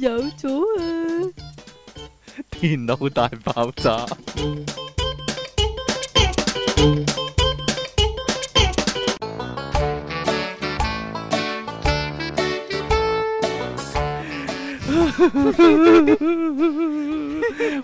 有咗啦！電腦大爆炸，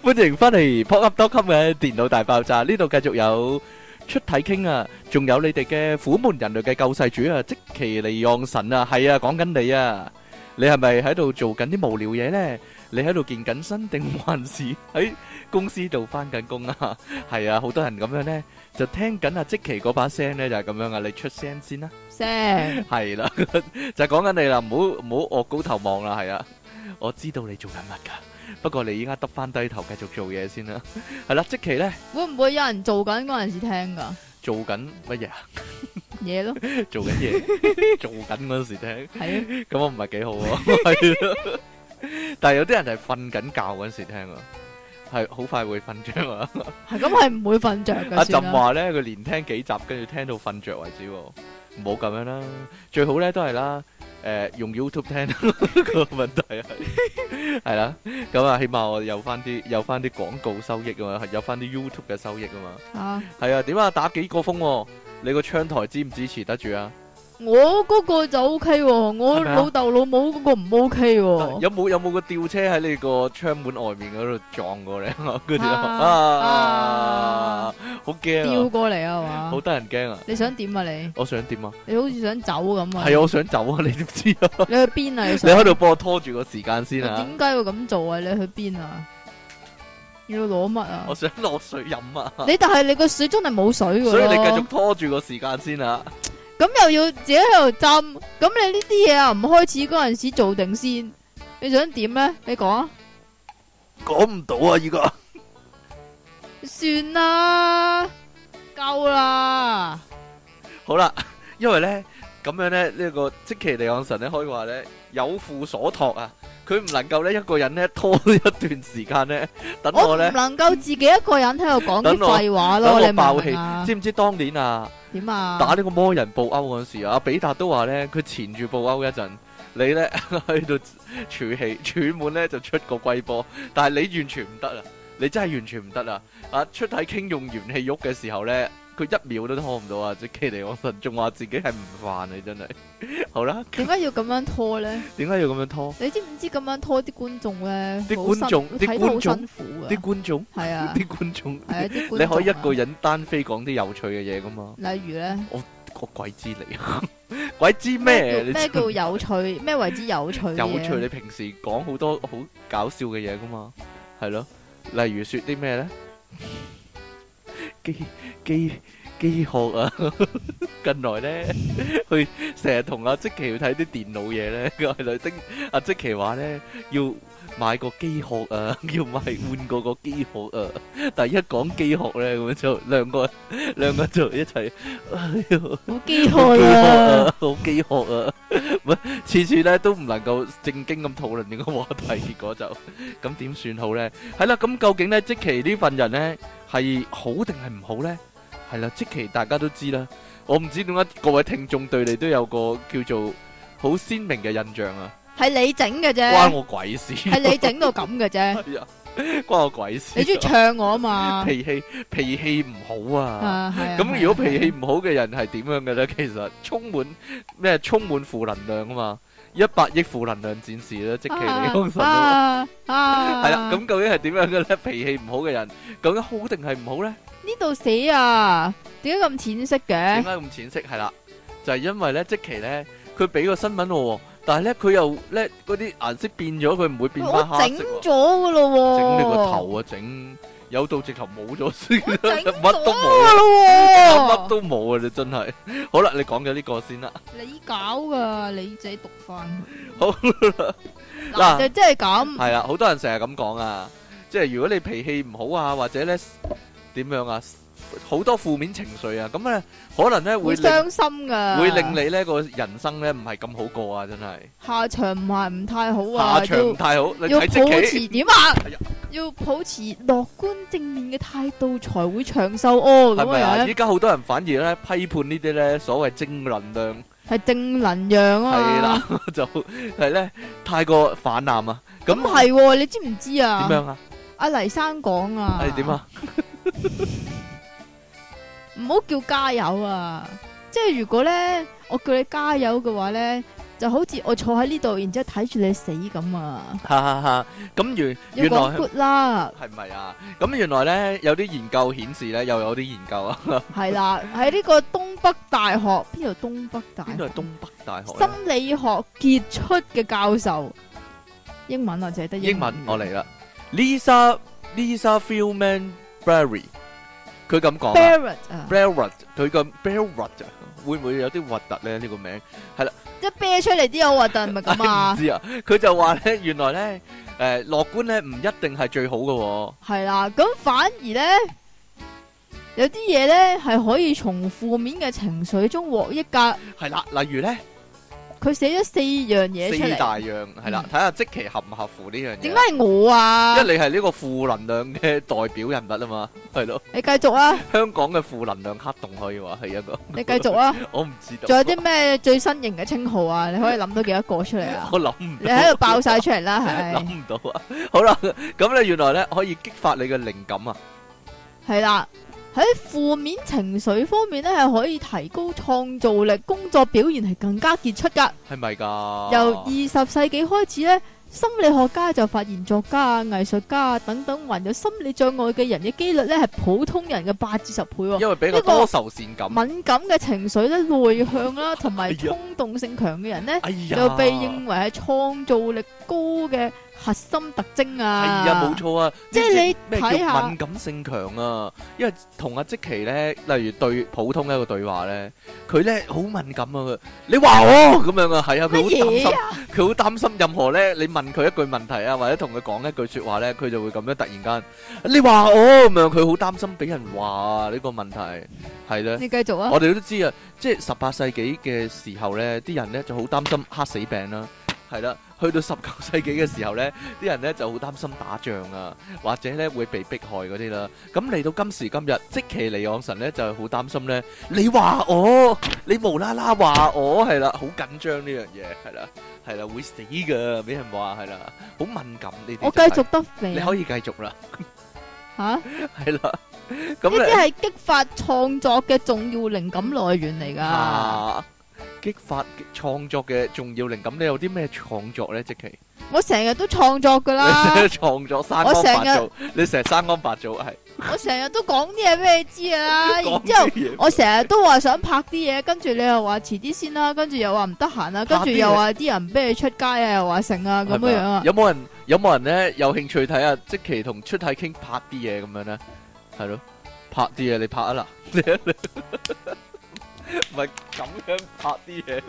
歡迎翻嚟撲吸多吸嘅電腦大爆炸，呢度繼續有出體 king 啊，仲有你哋嘅虎門人類嘅救世主啊，積淇離岸神啊，係啊，講緊你啊。你係咪喺度做緊啲無聊嘢咧？你喺度健緊身定還是喺公司度翻緊工啊？係啊，好多人咁樣咧，就聽緊阿積淇嗰把聲咧就係咁樣啊。你出聲先啦，聲係啦，就係講緊你啦，唔好唔好惡高頭望啦，係啊，我知道你做緊乜噶，不過你依家得翻低頭繼續做嘢先啦。係啦，積淇咧，會唔會有人做緊嗰陣時聽噶？做緊乜嘢啊？嘢咯，做緊嘢，做緊嗰時聽，係啊，咁我唔係幾好啊，係咯。但係有啲人就係瞓緊覺嗰時聽啊，係好快會瞓着啊。係咁係唔會瞓着嘅。阿朕話咧，佢連聽幾集，跟住聽到瞓着為止。唔好咁樣啦，最好咧都係啦。誒、呃、用 YouTube 聽 個問題係係啦，咁啊，起碼我有翻啲有翻啲廣告收益啊嘛，有翻啲 YouTube 嘅收益啊嘛，係啊，點啊，啊打幾個風，啊？你個窗台支唔支持得住啊？我嗰個就 O K，我老豆老母嗰個唔 O K。有冇有冇個吊車喺你個窗門外面嗰度撞過你啊？啊，好驚！吊過嚟啊，好得人驚啊！你想點啊？你我想點啊？你好似想走咁啊？係我想走啊！你點知啊？你去邊啊？你你喺度幫我拖住個時間先啊！點解要咁做啊？你去邊啊？要攞乜啊？我想攞水飲啊！你但係你個水真係冇水噶，所以你繼續拖住個時間先啊！咁又要自己喺度浸，咁你呢啲嘢啊唔開始嗰陣時做定先，你想點咧？你講啊，講唔到啊，二哥，算啦，夠啦，好啦，因為咧咁樣咧呢個積淇離岸神咧可以話咧有負所託啊。佢唔能夠咧一個人咧拖一段時間咧，等我咧。我唔能夠自己一個人喺度講啲廢話咯，爆氣，你明唔明？知唔知當年啊？點啊？打呢個魔人布歐嗰陣時啊，比達都話咧，佢纏住布歐一陣，你咧喺度儲氣儲滿咧就出個龜波，但係你完全唔得啊！你真係完全唔得啊！啊，出體 king 用元氣喐嘅時候咧。佢一秒都拖唔到啊！即 K 你，我仲話自己係唔犯你真，真 係好啦吧。點解要咁樣拖咧？點解要咁樣拖？你知唔知咁樣拖啲觀眾咧？啲觀眾，啲新觀眾辛苦嘅，啲觀眾係啊，啲 觀眾係啊，啊 你可以一個人單飛講啲有趣嘅嘢噶嘛？例如咧，我我鬼知你，啊， 鬼知咩、啊？咩叫有趣？咩 為之有、啊、有趣？有趣你平時講好多好搞笑嘅嘢噶嘛？係咯、啊，例如說啲咩咧？ 機機機學啊！ 近來咧呢，佢成日同阿積淇去睇啲電腦嘢咧，原來即阿積淇話咧要。買個機殼啊，要買換過個機殼啊！但係一講機殼咧，咁就兩個兩個就一齊好飢渴啊，好飢渴啊！唔係次次咧都唔能夠正經咁討論呢個話題，結果就咁點算好咧？係啦，咁究竟咧積淇呢份人咧係好定係唔好咧？係啦，積淇大家都知啦，我唔知點解各位聽眾對你都有個叫做好鮮明嘅印象啊！係你整嘅啫，關我鬼事。係你整到咁嘅啫，關我鬼事。你中意唱我啊嘛？脾氣脾氣唔好啊，咁如果脾氣唔好嘅人係點樣嘅咧？其實充滿咩？充滿負能量啊嘛！一百億負能量戰士咧，即其李康臣啊，係啦。咁究竟係點樣嘅咧？脾氣唔好嘅人，究竟好定係唔好咧？呢度死啊！點解咁淺色嘅？點解咁淺色？係啦，就係因為咧，即其咧，佢俾個新聞我。但係咧，佢又咧嗰啲顏色變咗，佢唔會變翻黑色，整咗噶咯，整、啊、你個頭啊，整有到直頭冇咗先，乜、啊、都冇，乜都冇啊！你真係， 好啦，你講咗呢個先啦。你搞噶，你自己讀翻。好嗱，就真係咁。係啊，好多人成日咁講啊，即係如果你脾氣唔好啊，或者咧點樣啊？好多負面情緒啊！咁啊，可能咧會傷心噶，會令你呢個人生咧唔係咁好過啊！真係下場唔係唔太好啊，下場唔太好，要保持點啊？要保持樂觀正面嘅態度才會長壽哦！咁啊樣，依家好多人反而咧批判呢啲咧所謂正能量，係正能量啊！係啦了，就係咧太過泛濫啊！咁係你知唔知啊？點樣啊？阿、啊、黎生講啊？係點啊？唔好叫加油啊！即係如果咧，我叫你加油嘅話咧，太 Blue 就好似我坐喺呢度，然之後睇住你死咁 啊！哈哈哈！咁原原來啦，係唔係啊？咁原來咧有啲研究顯示咧，又有啲研究啊！ 係啦，喺呢個東北大學，邊度東北大學？東北大學心理學傑出嘅教授，英文啊，淨係得英文，我嚟啦，Lisa Lisa Feldman Barry。佢咁講啊，Barrett，佢個 Barrett 會唔會有啲核突咧？呢、這個名係啦，一啤出嚟啲好核突，係咪咁啊？唔知啊，佢就話咧，原來咧，誒、呃，樂觀咧唔一定係最好嘅，哦，係啦，咁反而咧，有啲嘢咧係可以從負面嘅情緒中獲益㗎，係啦，例如咧。佢寫咗四樣嘢出嚟，四大樣係啦，睇下即其合唔合乎呢樣嘢。點解係我啊？因為你係呢個負能量嘅代表人物啊嘛，係咯。你繼續啊！香港嘅負能量黑洞可以話係一個。你繼續啊！我唔知道。仲有啲咩最新型嘅稱號啊？你可以諗到幾多個出嚟啊？我諗唔。你喺度爆晒出嚟啦，係。諗唔到啊！好啦，咁你原來咧可以激發你嘅靈感啊！係啦。喺負面情緒方面咧，係可以提高創造力、工作表現係更加傑出噶。係咪噶？由二十世紀開始咧，心理學家就發現作家、藝術家等等患有心理障礙嘅人嘅幾率咧，係普通人嘅八至十倍喎。因為比較多愁善感、敏感嘅情緒咧，內向啦，同埋衝動性強嘅人咧， 哎哎、就被認為係創造力高嘅。核心特徵啊，係啊冇錯啊，錯啊即係是你睇下敏感性強啊，看看因為同阿積淇咧，例如對普通一個對話咧，佢咧好敏感啊佢，你話我咁樣啊，係啊佢好擔心，佢好擔心任何咧，你問佢一句問題啊，或者同佢講一句說話咧，佢就會咁樣突然間，你話我咁樣，佢好擔心俾人話呢個問題，係啦，你繼續啊，我哋都知啊，即係十八世紀嘅時候咧，啲人咧就好擔心黑死病啦、啊。係啦，去到十九世紀嘅時候咧，啲人咧就好擔心打仗啊，或者咧會被迫害嗰啲啦。咁嚟到今時今日，積淇離岸神咧就係好擔心咧。 你話我，你無啦啦話我，係啦，好緊張呢樣嘢，係啦，係啦，會死噶，俾人話係啦，好敏感呢啲，就是。我繼續得肥，你可以繼續啦。吓？係啦，呢啲係激發創作嘅重要靈感來源嚟噶。啊激發創作嘅重要靈感，你有啲咩創作咧？積淇，我成日都創作噶啦，創作生我成日，你成日生安白造，係。我成日都講啲嘢俾你知啊，然之後我成日都話想拍啲嘢，跟住你又話遲啲先啦，跟住又話唔得閒啦，跟住又話啲人俾你出街啊，又話成啊咁吧樣樣啊。有冇人，有冇人咧，有興趣睇下積淇同出體傾拍啲嘢咁樣咧？係咯，拍啲嘢你拍啊啦。 唔係咁樣拍啲嘢，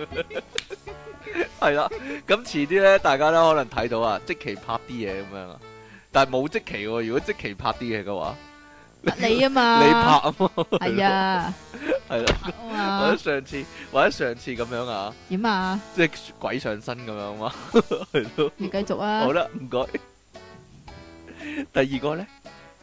係 啦。咁遲啲咧，大家都可能睇到啊。即期拍啲嘢咁樣啊，但係冇即期。如果即期拍啲嘢嘅話，啊你啊你拍嘛，你拍啊嘛，係啊、哎呀，係啊。或者上次，或者上次咁樣啊，點啊？即係鬼上身咁樣嘛，係 咯了。你繼續啊。好啦，唔該。第二個咧，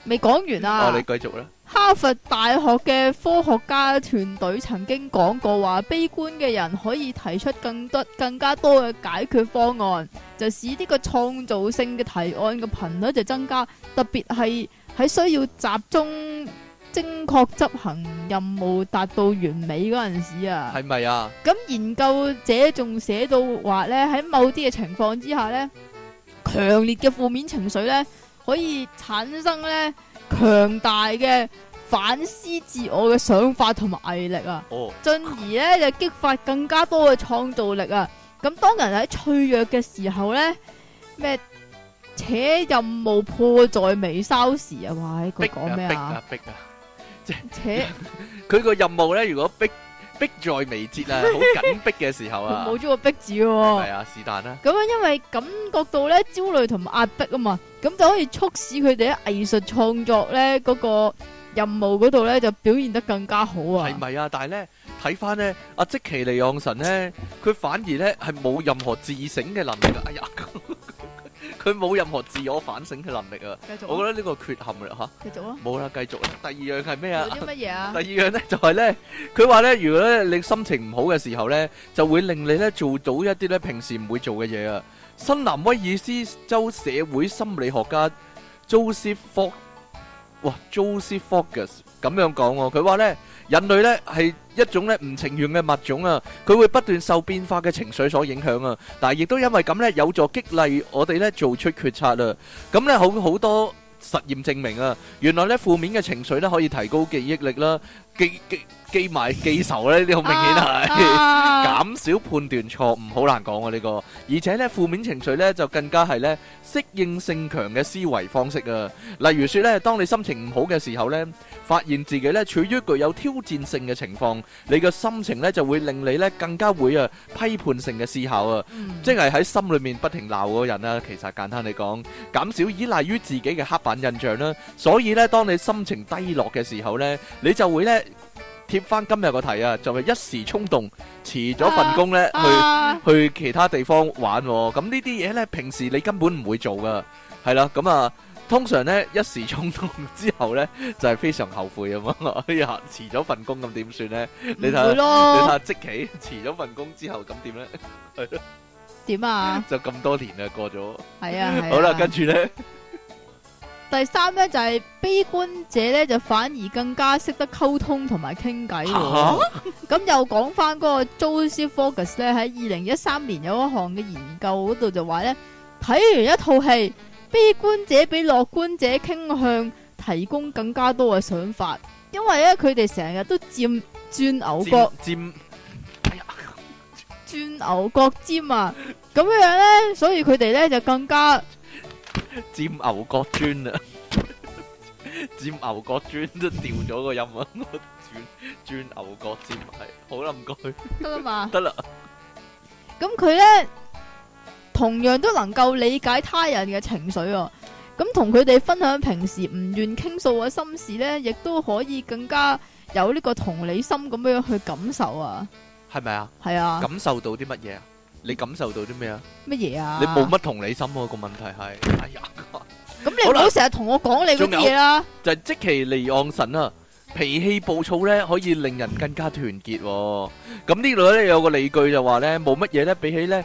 未講完啊。我、哦、你繼續啦。哈佛大學嘅科學家團隊曾經講過話，悲觀嘅人可以提出更多、更加多嘅解決方案，就使呢個創造性嘅提案嘅頻率就增加。特別係喺需要集中、精確執行任務、達到完美嗰陣時啊，係咪啊？咁研究者仲寫到話呢，喺某啲嘅情況之下呢，強烈嘅負面情緒呢可以產生呢。強大嘅反思自我嘅想法同埋毅力啊，進、哦、而咧就激發更加多嘅創造力啊。咁當人喺脆弱嘅時候咧，咩？且任務迫在眉梢時啊，哇、這個啊！呢個講咩啊？逼即係佢個任務咧，如果逼逼在眉睫啊，好緊迫嘅時候啊，冇咗 個逼字嘅喎。係啊，是但啦、啊。咁樣因為感覺到咧焦慮同埋壓迫啊嘛。咁就可以促使佢哋喺藝術創作咧嗰個任務嗰度咧就表現得更加好啊！係咪啊？但係咧睇翻咧阿積淇離岸神咧，佢反而咧係冇任何自省嘅能力啊！哎呀，佢冇任何自我反省嘅能力啊！繼續，我覺得呢個缺陷啦吓。繼續啊！冇啦，繼續啦。第二樣係咩啊？做啲乜嘢啊？第二樣咧就係咧，佢話咧如果咧你心情唔好嘅時候咧，就會令你咧做到一啲咧平時唔會做嘅嘢啊！新南威爾斯州社會心理學家 Joseph Fox，哇，Joseph Fox 咁樣講喎，佢話咧人類咧係一種咧唔情願嘅物種啊，佢會不斷受變化嘅情緒所影響啊，但係亦都因為咁咧有助激勵我哋咧做出決策啊，咁咧好好多實驗證明啊，原來咧負面嘅情緒咧可以提高記憶力啦。記記埋記仇呢，呢啲好明顯係減少判斷錯誤，好難講啊呢個。而且呢，負面情緒呢，就更加係呢適應性強嘅思維方式啊。例如說呢，當你心情唔好嘅時候呢，發現自己呢處於具有挑戰性嘅情況，你嘅心情呢就會令你呢更加會啊批判性嘅思考啊，嗯、即係喺心裏面不停鬧嗰個人啦、啊。其實簡單嚟講，減少依賴於自己嘅刻板印象啦、啊。所以呢，當你心情低落嘅時候呢，你就會呢。 貼翻今日個題啊，就係一時衝動辭咗份工咧，去去其他地方玩。咁呢啲嘢咧，平時你根本唔會做噶。係啦，咁啊，通常咧一時衝動之後咧，就係非常後悔咁咯。哎呀，辭咗份工咁點算咧？你睇下，你睇下積淇辭咗份工之後咁點咧？係咯？點啊？就咁多年啊，過咗。係啊，好啦，跟住咧。第三咧就係、是、悲觀者咧就反而更加識得溝通同埋傾偈喎，咁、啊、 又講翻嗰個 Joseph Forgas 咧喺二零一三年有一項嘅研究嗰度就話咧，睇完一套戲，悲觀者比樂觀者傾向提供更加多嘅想法，因為咧佢哋成日都占鑽牛角尖，哎呀鑽牛角尖啊，咁樣咧，所以佢哋咧就更加。占牛角磚啊！占牛角磚都掉咗個音啊！我轉轉牛角尖係好啦，唔該，得啦嘛，得啦。咁佢咧同樣都能夠理解他人嘅情緒哦。咁同佢哋分享平時唔願傾訴嘅心事咧，亦都可以更加有呢個同理心咁樣去感受啊。係咪啊？係啊！感受到啲乜嘢啊？你感受到啲咩啊？乜嘢啊？你冇乜同理心喎、啊，個問題係。哎呀，咁你唔好成日同我講你嗰啲嘢啦。啦就係、是、積淇離岸神啊！脾氣暴躁咧，可以令人更加團結、啊。咁呢度咧有個理據就話咧冇乜嘢咧，比起咧。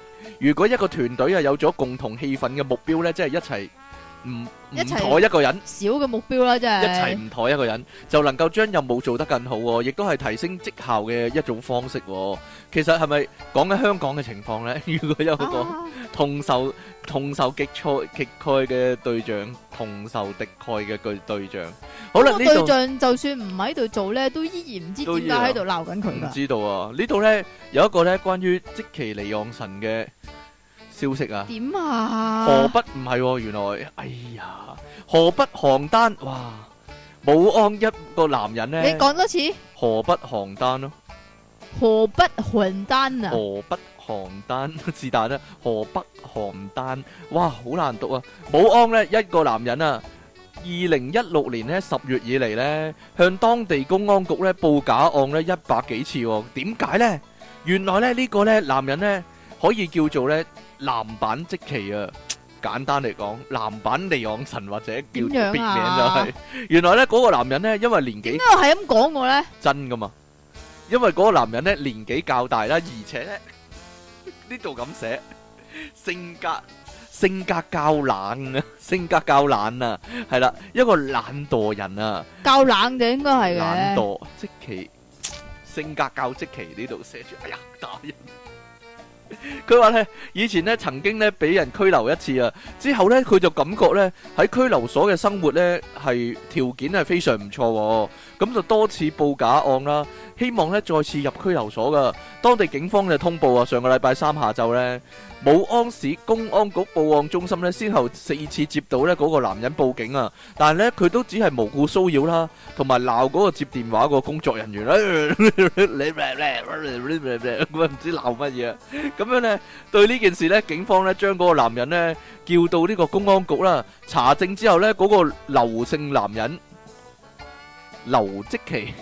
如果一個團隊啊有咗共同氣氛嘅目標呢，即係一齊唔唔妥一個人，小嘅目標啦，真係一齊唔妥一個人就能夠將任務做得更好，亦都係提升績效嘅一種方式。其實係咪講緊香港嘅情況呢？如果有個同受。同仇敵愾、敵愾嘅對象，同仇敵愾嘅對對象。好啦，呢個對象裡就算唔喺度做咧，都依然唔知點解喺度鬧緊佢。唔、啊、知道啊？呢度咧有一個咧關於積淇離岸神嘅消息啊？點啊？河北唔係，原來，哎呀，河北邯鄲哇，武安一個男人咧。你講多次。河北邯鄲咯。河北邯鄲啊！河北。邯鄲是但啦，河北邯鄲哇，好難讀啊！武安咧，一個男人啊，二零一六年咧十月以嚟咧，向當地公安局咧報假案咧一百幾次，點解咧？原來咧呢個咧男人咧可以叫做咧男版積淇啊！簡單嚟講，男版離岸神或者叫別名就係。原來咧嗰個男人咧，因為年紀。點解我係咁講我咧？真噶嘛？因為嗰個男人咧年紀較大啦，而且咧。呢度咁寫，性格性格較懶啊，性格較懶啊，係啦，一個懶惰人啊，較懶就應該係懶惰積淇性格較積淇呢度寫住，哎呀打人。佢話咧以前咧曾經咧俾人拘留一次啊，之後咧佢就感覺咧喺拘留所嘅生活咧係條件係非常唔錯，咁就多次報假案啦，希望咧再次入拘留所㗎。當地警方就通報啊，上個禮拜三下晝咧。武安市公安局報案中心咧，先後四次接到咧嗰個男人報警啊，但係咧佢都只係無故騷擾啦，同埋鬧嗰個接電話個工作人員咧，你咩咩咁樣唔知鬧乜嘢，咁樣咧對呢件事咧，警方咧將嗰個男人咧叫到呢個公安局啦，查證之後咧，嗰個劉姓男人劉積淇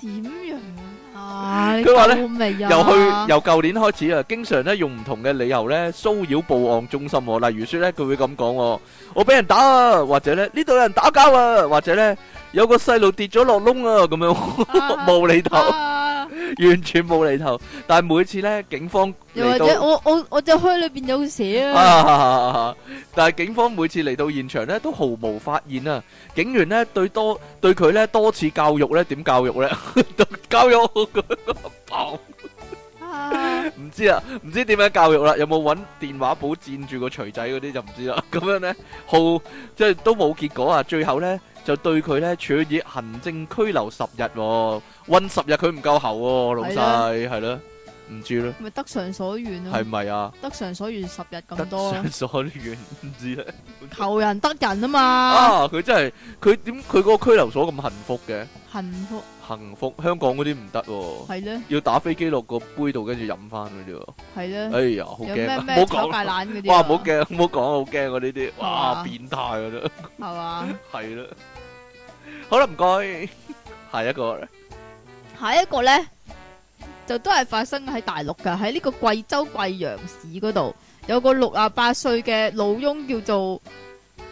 點樣？佢話咧，由去由舊年開始啊，經常咧用唔同嘅理由咧騷擾報案中心啊，例如說咧，佢會咁講我，我俾人打啊，或者咧呢度有人打交啊，或者咧有個細路跌咗落窿啊，咁樣冇厘頭。完全冇厘頭，但係每次咧警方又或者我我我就開裏邊有事啊，但係警方每次嚟到現場咧都毫無發現啊！警員咧對多對佢咧多次教育咧，點教育咧？教育爆，唔知啊，唔知點樣教育啦？有冇搵電話簿墊住個錘仔嗰啲就唔知啦。咁樣咧，好即係都冇結果啊！最後咧。就對佢咧處以行政拘留十日，困十日佢唔夠喉，老細係咯，唔知咯，咪得償所願咯，係咪啊？得償所願十日咁多，得償所願唔知咧，求人得人啊嘛！啊，佢真係佢點佢個拘留所咁幸福嘅？幸福，幸福，香港嗰啲唔得，係咧，要打飛機落個杯度跟住飲翻嗰啲，係咧，哎呀，好驚，唔好講，哇，唔好驚，唔好講，好驚喎呢啲，哇，變態啊，都係嘛，係啦。好啦，唔該，下一個呢，下一個咧，就都係發生喺大陸噶，喺呢個貴州貴陽市嗰度，有個六十八歲嘅老翁叫做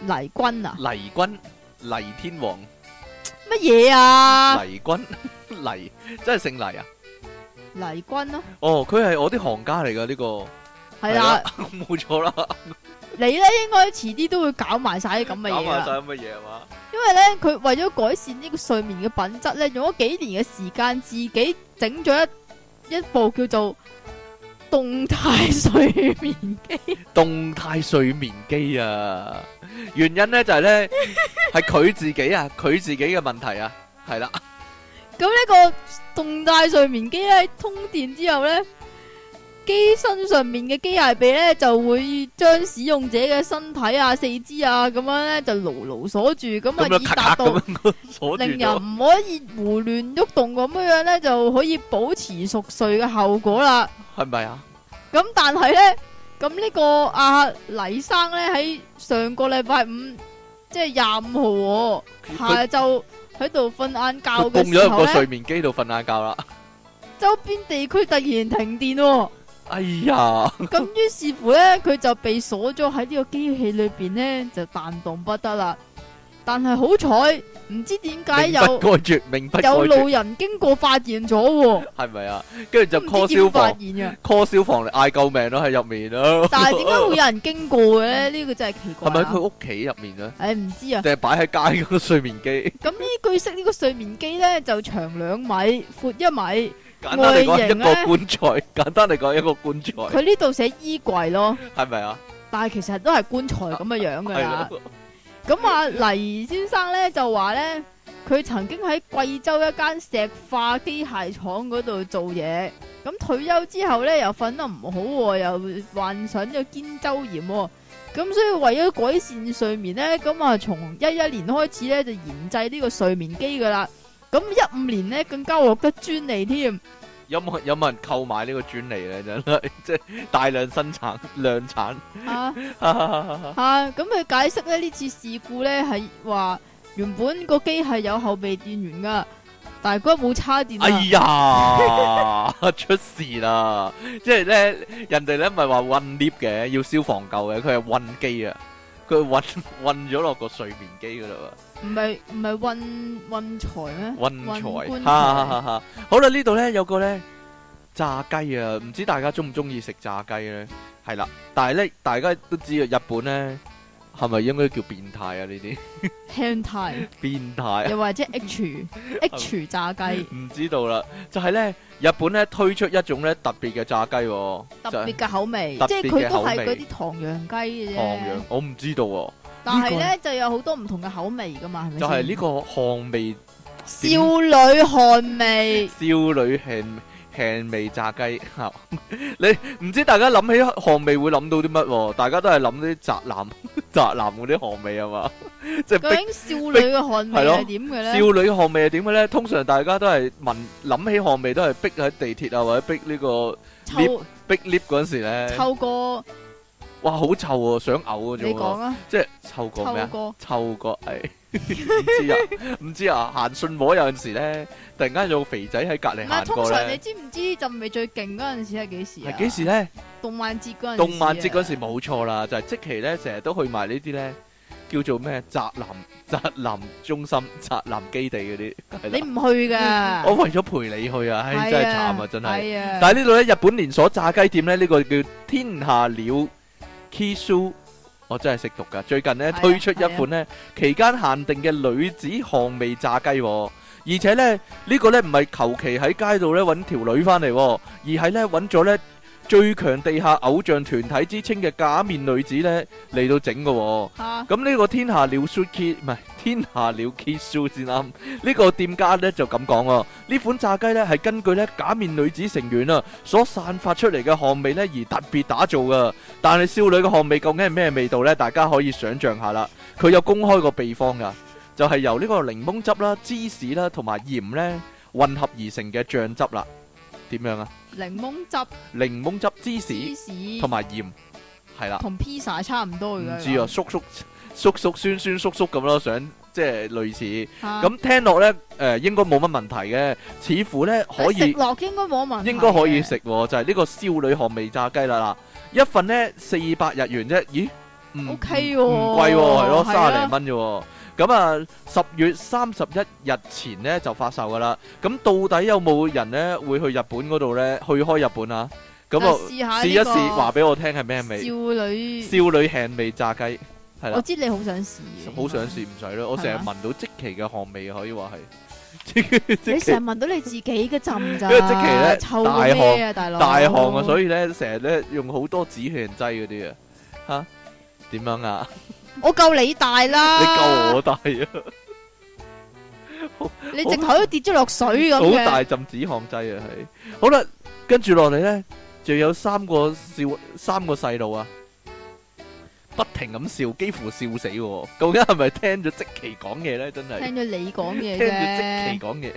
黎君啊，黎君、黎天王乜嘢啊？黎君 黎真係姓黎啊？黎君咯，啊？哦，佢係我啲行家嚟噶呢個，係的 啦，冇錯啦。你咧，應該遲啲都會搞埋晒啲咁嘅嘢啦。搞埋晒啲咁嘅嘢啊嘛？因為咧，佢為咗改善呢個睡眠嘅品質咧，用咗幾年嘅時間自己整咗一一部叫做動態睡眠機。動態睡眠機啊，原因咧就係咧係佢自己啊，佢自己嘅問題啊，係啦。咁呢個動態睡眠機咧，通電之後咧。機身上面嘅機械臂咧，就會將使用者嘅身體啊、四肢啊，咁樣咧就牢牢鎖住，咁啊以達到令人唔可以胡亂喐動咁樣咧，就可以保持熟睡嘅效果啦。係咪啊？咁但係咧，咁呢個阿黎生咧喺上個禮拜五，即係廿五號喎，下晝喺度瞓晏覺，供咗個睡眠機度瞓晏覺啦。周邊地區突然停電喎。哎呀！咁於是乎咧，佢就被鎖咗喺呢個機器裏邊咧，就彈動不得啦。但係好彩，唔知點解有命不命不有路人經過發現咗，係咪 啊？跟住就 call，發現、啊、消 call 消防，call 消防嚟嗌救命咯、啊，喺入面啦、啊。但係點解會有人經過嘅咧？呢 個真係奇怪。係咪佢屋企入面啊？誒，唔、哎、知啊。淨係擺喺街嗰個睡眠機。咁據悉呢個睡眠機咧就長兩米，闊一米。外型材，簡單嚟講，一個棺材。佢呢度寫衣櫃咯，係咪 啊？但係其實都係棺材咁嘅樣噶啦。咁阿 的、啊、黎先生咧 就話咧，佢曾經喺貴州一間石化機械廠嗰度做嘢。咁退休之後咧又瞓得唔好，又患上咗肩周炎、啊。咁所以為咗改善睡眠咧，咁啊從一一年開始咧就研製呢個睡眠機噶啦。咁一五年咧，更加獲得專利添。有冇有冇人購買個專呢個專利咧？真係即係大量生產量產 啊。吓，咁佢解釋咧呢次事故咧係話原本個機係有後備電源噶，但係佢冇叉電。哎呀， 出事啦！ 即係咧人哋咧咪話混 lift 嘅，要消防救嘅，佢係混機啊，佢混混咗落個睡眠機度啊。唔係唔係運運財咩？運財，哈哈哈！好啦，呢度咧有個咧炸雞啊，唔知大家中唔中意食炸雞咧？係啦，但係咧大家都知道是是啊，日本咧係咪應該叫變態啊？呢啲 hentai 變態，又或者 H H 炸雞？唔 知道啦，就係、是、咧日本咧推出一種咧特別嘅炸雞，特別嘅、啊、口味，口味即係佢都係嗰啲唐揚雞嘅啫。唐揚，我唔知道、啊。但係咧就有好多唔同嘅口味噶嘛，就係呢個汗味少女汗味 少女汗汗味炸雞，係 你唔知大家諗起汗味會諗到啲乜？大家都係諗啲宅男宅 男嗰啲汗味係嘛？即 係逼究竟少女嘅汗味係點嘅咧？少女嘅汗味係點嘅咧？通常大家都係聞諗起汗味都係逼喺地鐵啊，或者逼、這個、臭呢個逼 lift 嗰陣時咧。哇，好臭哦、啊，想嘔嗰種歌、哎、 啊！即係臭過咩？臭過，唉、唔知啊，唔知啊。行信和有陣時咧，突然間有肥仔喺隔籬行過嚟。通常你知唔知陣味最勁嗰陣時係幾時啊？係幾時咧、啊？時呢動漫節嗰陣。動漫節嗰時冇錯啦，啊、就係即期咧，成日都去埋呢啲咧，叫做咩？宅男宅男中心、宅男基地嗰啲。你唔去噶？ 我為咗陪你去啊，唉、哎，真係慘啊，真係。但係呢度咧，日本連鎖炸雞店咧，呢、呢個叫天下鳥。Kisu，我真係識讀噶。最近咧，推出一款咧期間限定嘅女子韓味炸雞，而且咧呢個呢唔係求其喺街度咧揾條女翻嚟，而係咧揾咗呢。最強地下偶像團體之稱嘅假面女子呢嚟到整嘅，咁呢、哦啊嗯這個天下鳥燒切唔係天下鳥 s 燒先啱？呢、這個店家呢，就咁講啊，呢款炸雞呢，係根據呢假面女子成員啊所散發出嚟嘅汗味呢而特別打造噶。但係少女嘅汗味究竟係咩味道呢？大家可以想象下啦，佢有公開個秘方噶，就係、是、由呢個檸檬汁啦、芝士啦同埋鹽呢混合而成嘅醬汁啦。點樣啊？檸檬汁、檸檬汁、芝士、同埋鹽，係啦，同披薩差唔多嘅。唔知啊，叔叔樣，叔叔酸酸叔叔咁咯，想即係類似。咁、啊、聽落咧，誒、呃，應該冇乜問題嘅，似乎咧可以食落應該冇問，應該可以食、啊，就係、是、呢個少女韓味炸雞啦。嗱，一份呢，四百日元啫，咦？唔，OK，唔貴係咯，卅零蚊啫。Okay 哦。咁啊，十、嗯、月三十一日前呢就發售㗎喇。咁、嗯、到底有冇人呢會去日本嗰度呢？去開日本啊？咁、嗯、啊，試一試，話俾、這個、我聽係咩味？少女少女香味炸雞係啦。我知你好想試，好想試唔使咯。嗎我成日聞到積淇嘅汗味，可以話係。 奇你成日聞到你自己嘅浸就。 因為積淇呢，臭大佬、啊，大汗啊，汗汗所以呢，成日呢，用好多止汗劑嗰啲啊。吓，點樣啊？ 我夠你大啦！你夠我大啊！你直頭都跌咗落水咁嘅。好大陣止汗劑啊！係好啦，跟住落嚟咧，就有三個笑，三個細路啊，不停咁笑，幾乎笑死嘅。究竟係咪聽咗積淇講嘢咧？真係聽咗你講嘢啫。積淇講嘢，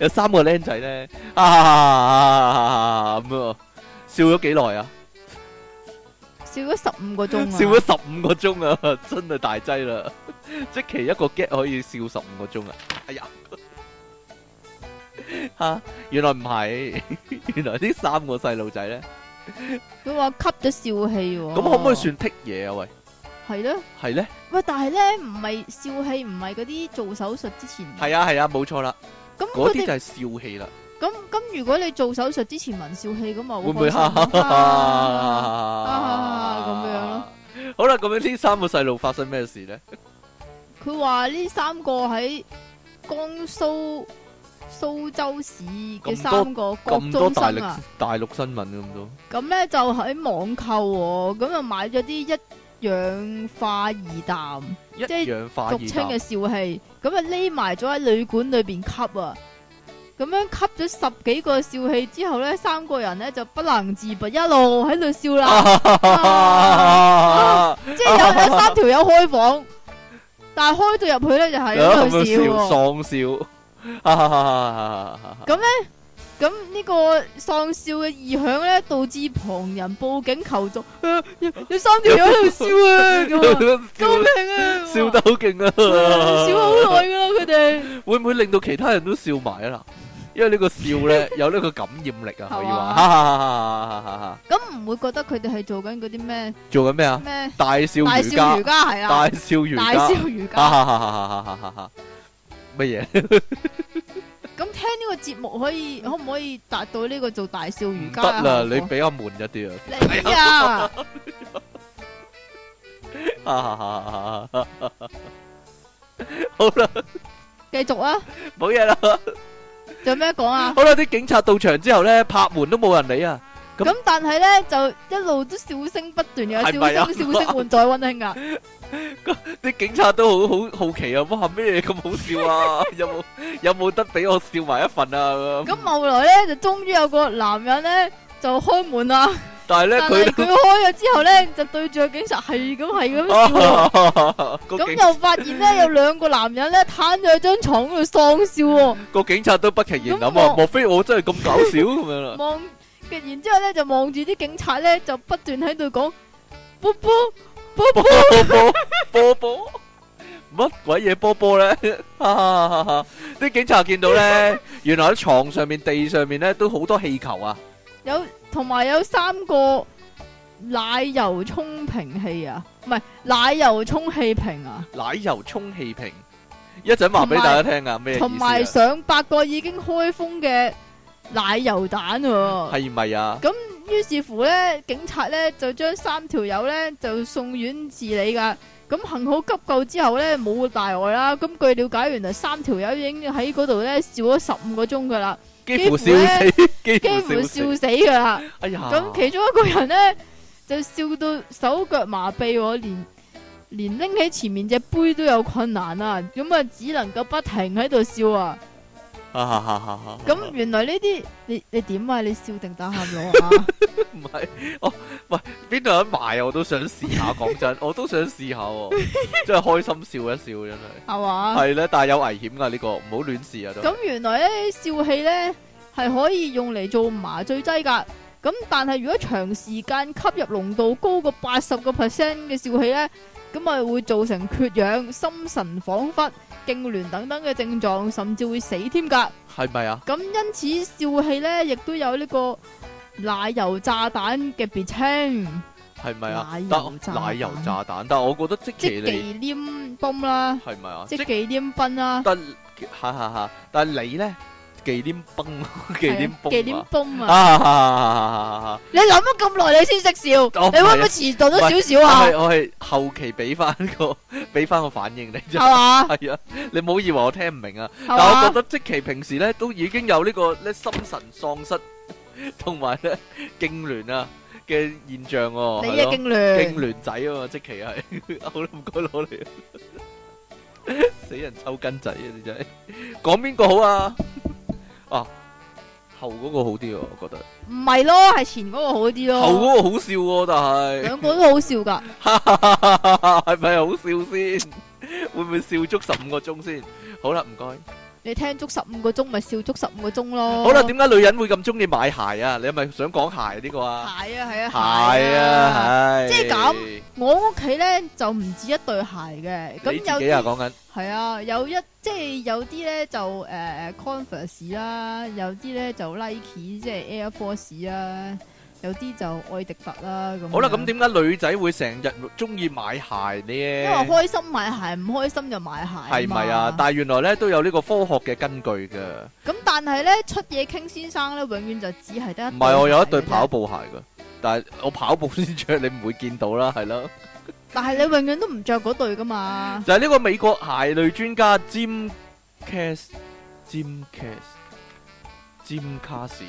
有三個僆仔咧啊咁啊！笑咗幾耐啊？笑咗十五個鐘啊！ 笑咗十五個鐘啊！真係大劑啦！即其一個 get 可以笑十五個鐘啊！哎呀，吓 原來唔不係， 原來呢三個細路仔咧，佢話吸咗笑氣喎、啊。咁可唔可以算剔嘢啊？喂，係咧呢，係咧呢。喂，但係咧，唔係笑氣，唔係嗰啲做手術之前。係啊係啊，冇錯、啊、啦。咁嗰啲就係笑氣啦。咁咁，如果你做手術之前聞笑氣，咁啊會唔會好啦，咁樣呢三個細路發生咩事咧？佢話呢三個喺江蘇蘇州市嘅三個國中生啊，大陸新聞咁、啊、多。咁咧就喺網購、哦，咁又買咗啲一,一氧化二氮，一氧化二氮，即係俗稱嘅笑氣，咁啊匿埋咗喺旅館裏邊吸啊。咁樣吸咗十幾個笑氣之後咧，三個人咧就不能自拔，一路喺度笑啦。即係有有三條友開房，但係開到入去咧就係喺度笑喪笑。咁咧，咁呢個喪笑嘅異響咧，導致旁人報警求助。有三條友喺度笑啊！救命啊！笑得好勁啊！笑好耐噶啦，佢哋會唔會令到其他人都笑埋啊？因為呢個笑咧有呢個感染力啊，可以話，咁唔會覺得佢哋係做緊嗰啲咩？做緊咩啊？咩大笑瑜伽係啊？大笑瑜伽，咩嘢？咁聽呢個節目可以可唔可以達到呢個做大笑瑜伽得啦，你比較悶一啲啊？你啊！好啦，繼續啊！冇嘢啦。有咩講啊？好啦，啲警察到場之後咧，拍門都冇人理啊。咁但係咧，就一路都聲斷、啊、笑聲不斷，有笑聲、笑聲門在溫馨噶。啲警察都好好好奇啊，乜咩咁好笑啊？ 有冇有冇得俾我笑埋一份啊？咁後 來咧，就終於有個男人咧就開門啦。但係咧，佢開咗之後咧，就對住個警察係咁係咁笑。咁又發現咧，有兩個男人咧，攤咗喺張床度喪笑。個警察都不其然諗啊，莫非我真係咁搞笑咁樣啦？望，然之後咧就望住啲警察咧，就不斷喺度講波波波波波波波，乜鬼嘢波波咧？啲警察見到咧，原來喺床上面、地上面咧都好多氣球啊！有。同埋有,有三個奶油充瓶器啊，唔係奶油充氣瓶啊， 奶油充氣瓶，一陣話俾大家聽啊，咩？同埋上百個已經開封嘅奶油蛋，係咪啊？咁於是乎呢，警察呢就將三條友呢就送院治理噶。咁幸好急救之後呢冇大礙啦。咁據了解了，原來三條友已經喺嗰度呢笑咗十五個鐘噶啦。幾乎笑死，幾乎， 幾乎笑死噶啦！咁、 哎、呀其中一個人咧就笑到手腳麻痹，連連拎起前面隻杯都有困難啊！咁啊，只能夠不停喺度笑啊！啊哈哈哈！咁、啊啊啊、 原來呢啲你你點啊？你笑定打喊露啊？唔係 哦，喂，邊度有得賣啊？我都想試下，講 真，我都想試下、啊， 真係開心笑一笑，真係係嘛？係咧吧，但係有危險噶呢個，唔好亂試啊都。咁原來呢笑氣呢，係可以用嚟做麻醉劑噶，咁但係如果長時間吸入濃度高過八十個 percent 嘅笑氣呢，咁啊會造成缺氧、心神恍惚。痙攣等等嘅症狀，甚至會死添噶，係咪啊？咁因此笑氣咧，亦都有呢個奶油炸彈嘅別稱，係咪啊奶油炸？奶油炸彈，奶油炸彈，但係我覺得即係即係黏崩啦，係咪啊？即係忌廉泵啦，啊、但哈哈哈，但係你咧？忌廉崩，忌廉崩啊！你諗咗咁耐，你先識笑，你會唔會遲到咗少少啊？我係後期俾翻個，俾翻個反應你啫。係啊，你唔好以為我聽唔明啊。但係我覺得積淇平時咧都已經有呢個咧心神喪失同埋咧痙攣啊嘅現象。你嘅痙攣，痙攣仔啊嘛，積淇係好啦，唔該攞嚟。死人抽筋仔啊！你真係講邊個好啊？啊，後嗰個好啲啊，我覺得。唔係咯，係前嗰個好啲咯。後嗰個好笑喎、啊，但係，兩個都好笑噶。係咪 好笑先？ 會唔會笑足十五個鐘先？好啦，唔該。你聽足十五個鐘，咪笑足十五個鐘咯。好啦，點解女人會咁中意買鞋啊？你係咪想講鞋呢、啊、個啊？鞋啊，係啊，鞋啊，係是。即係咁，的的我屋企咧就唔止一對鞋嘅。咁有幾啊？講緊係啊，有一即係有啲咧就誒 Converse 啦，呃、Converse, 有啲咧就 Nike 即係 Air Force 啊。有啲就愛迪特啦咁。好啦，咁點解女仔會成日中意買鞋咧？因為開心買鞋，唔開心就買鞋。係咪啊？但係原來咧都有呢個科學嘅根據嘅。咁但係咧出嘢 King 先生咧，永遠就只係得一。唔係我有一對跑步鞋嘅，但係我跑步先著，你唔會見到啦，係咯。但係你永遠都唔著嗰對噶嘛？就係呢個美國鞋類專家 Jim Cas Jim Cas。尖卡屎，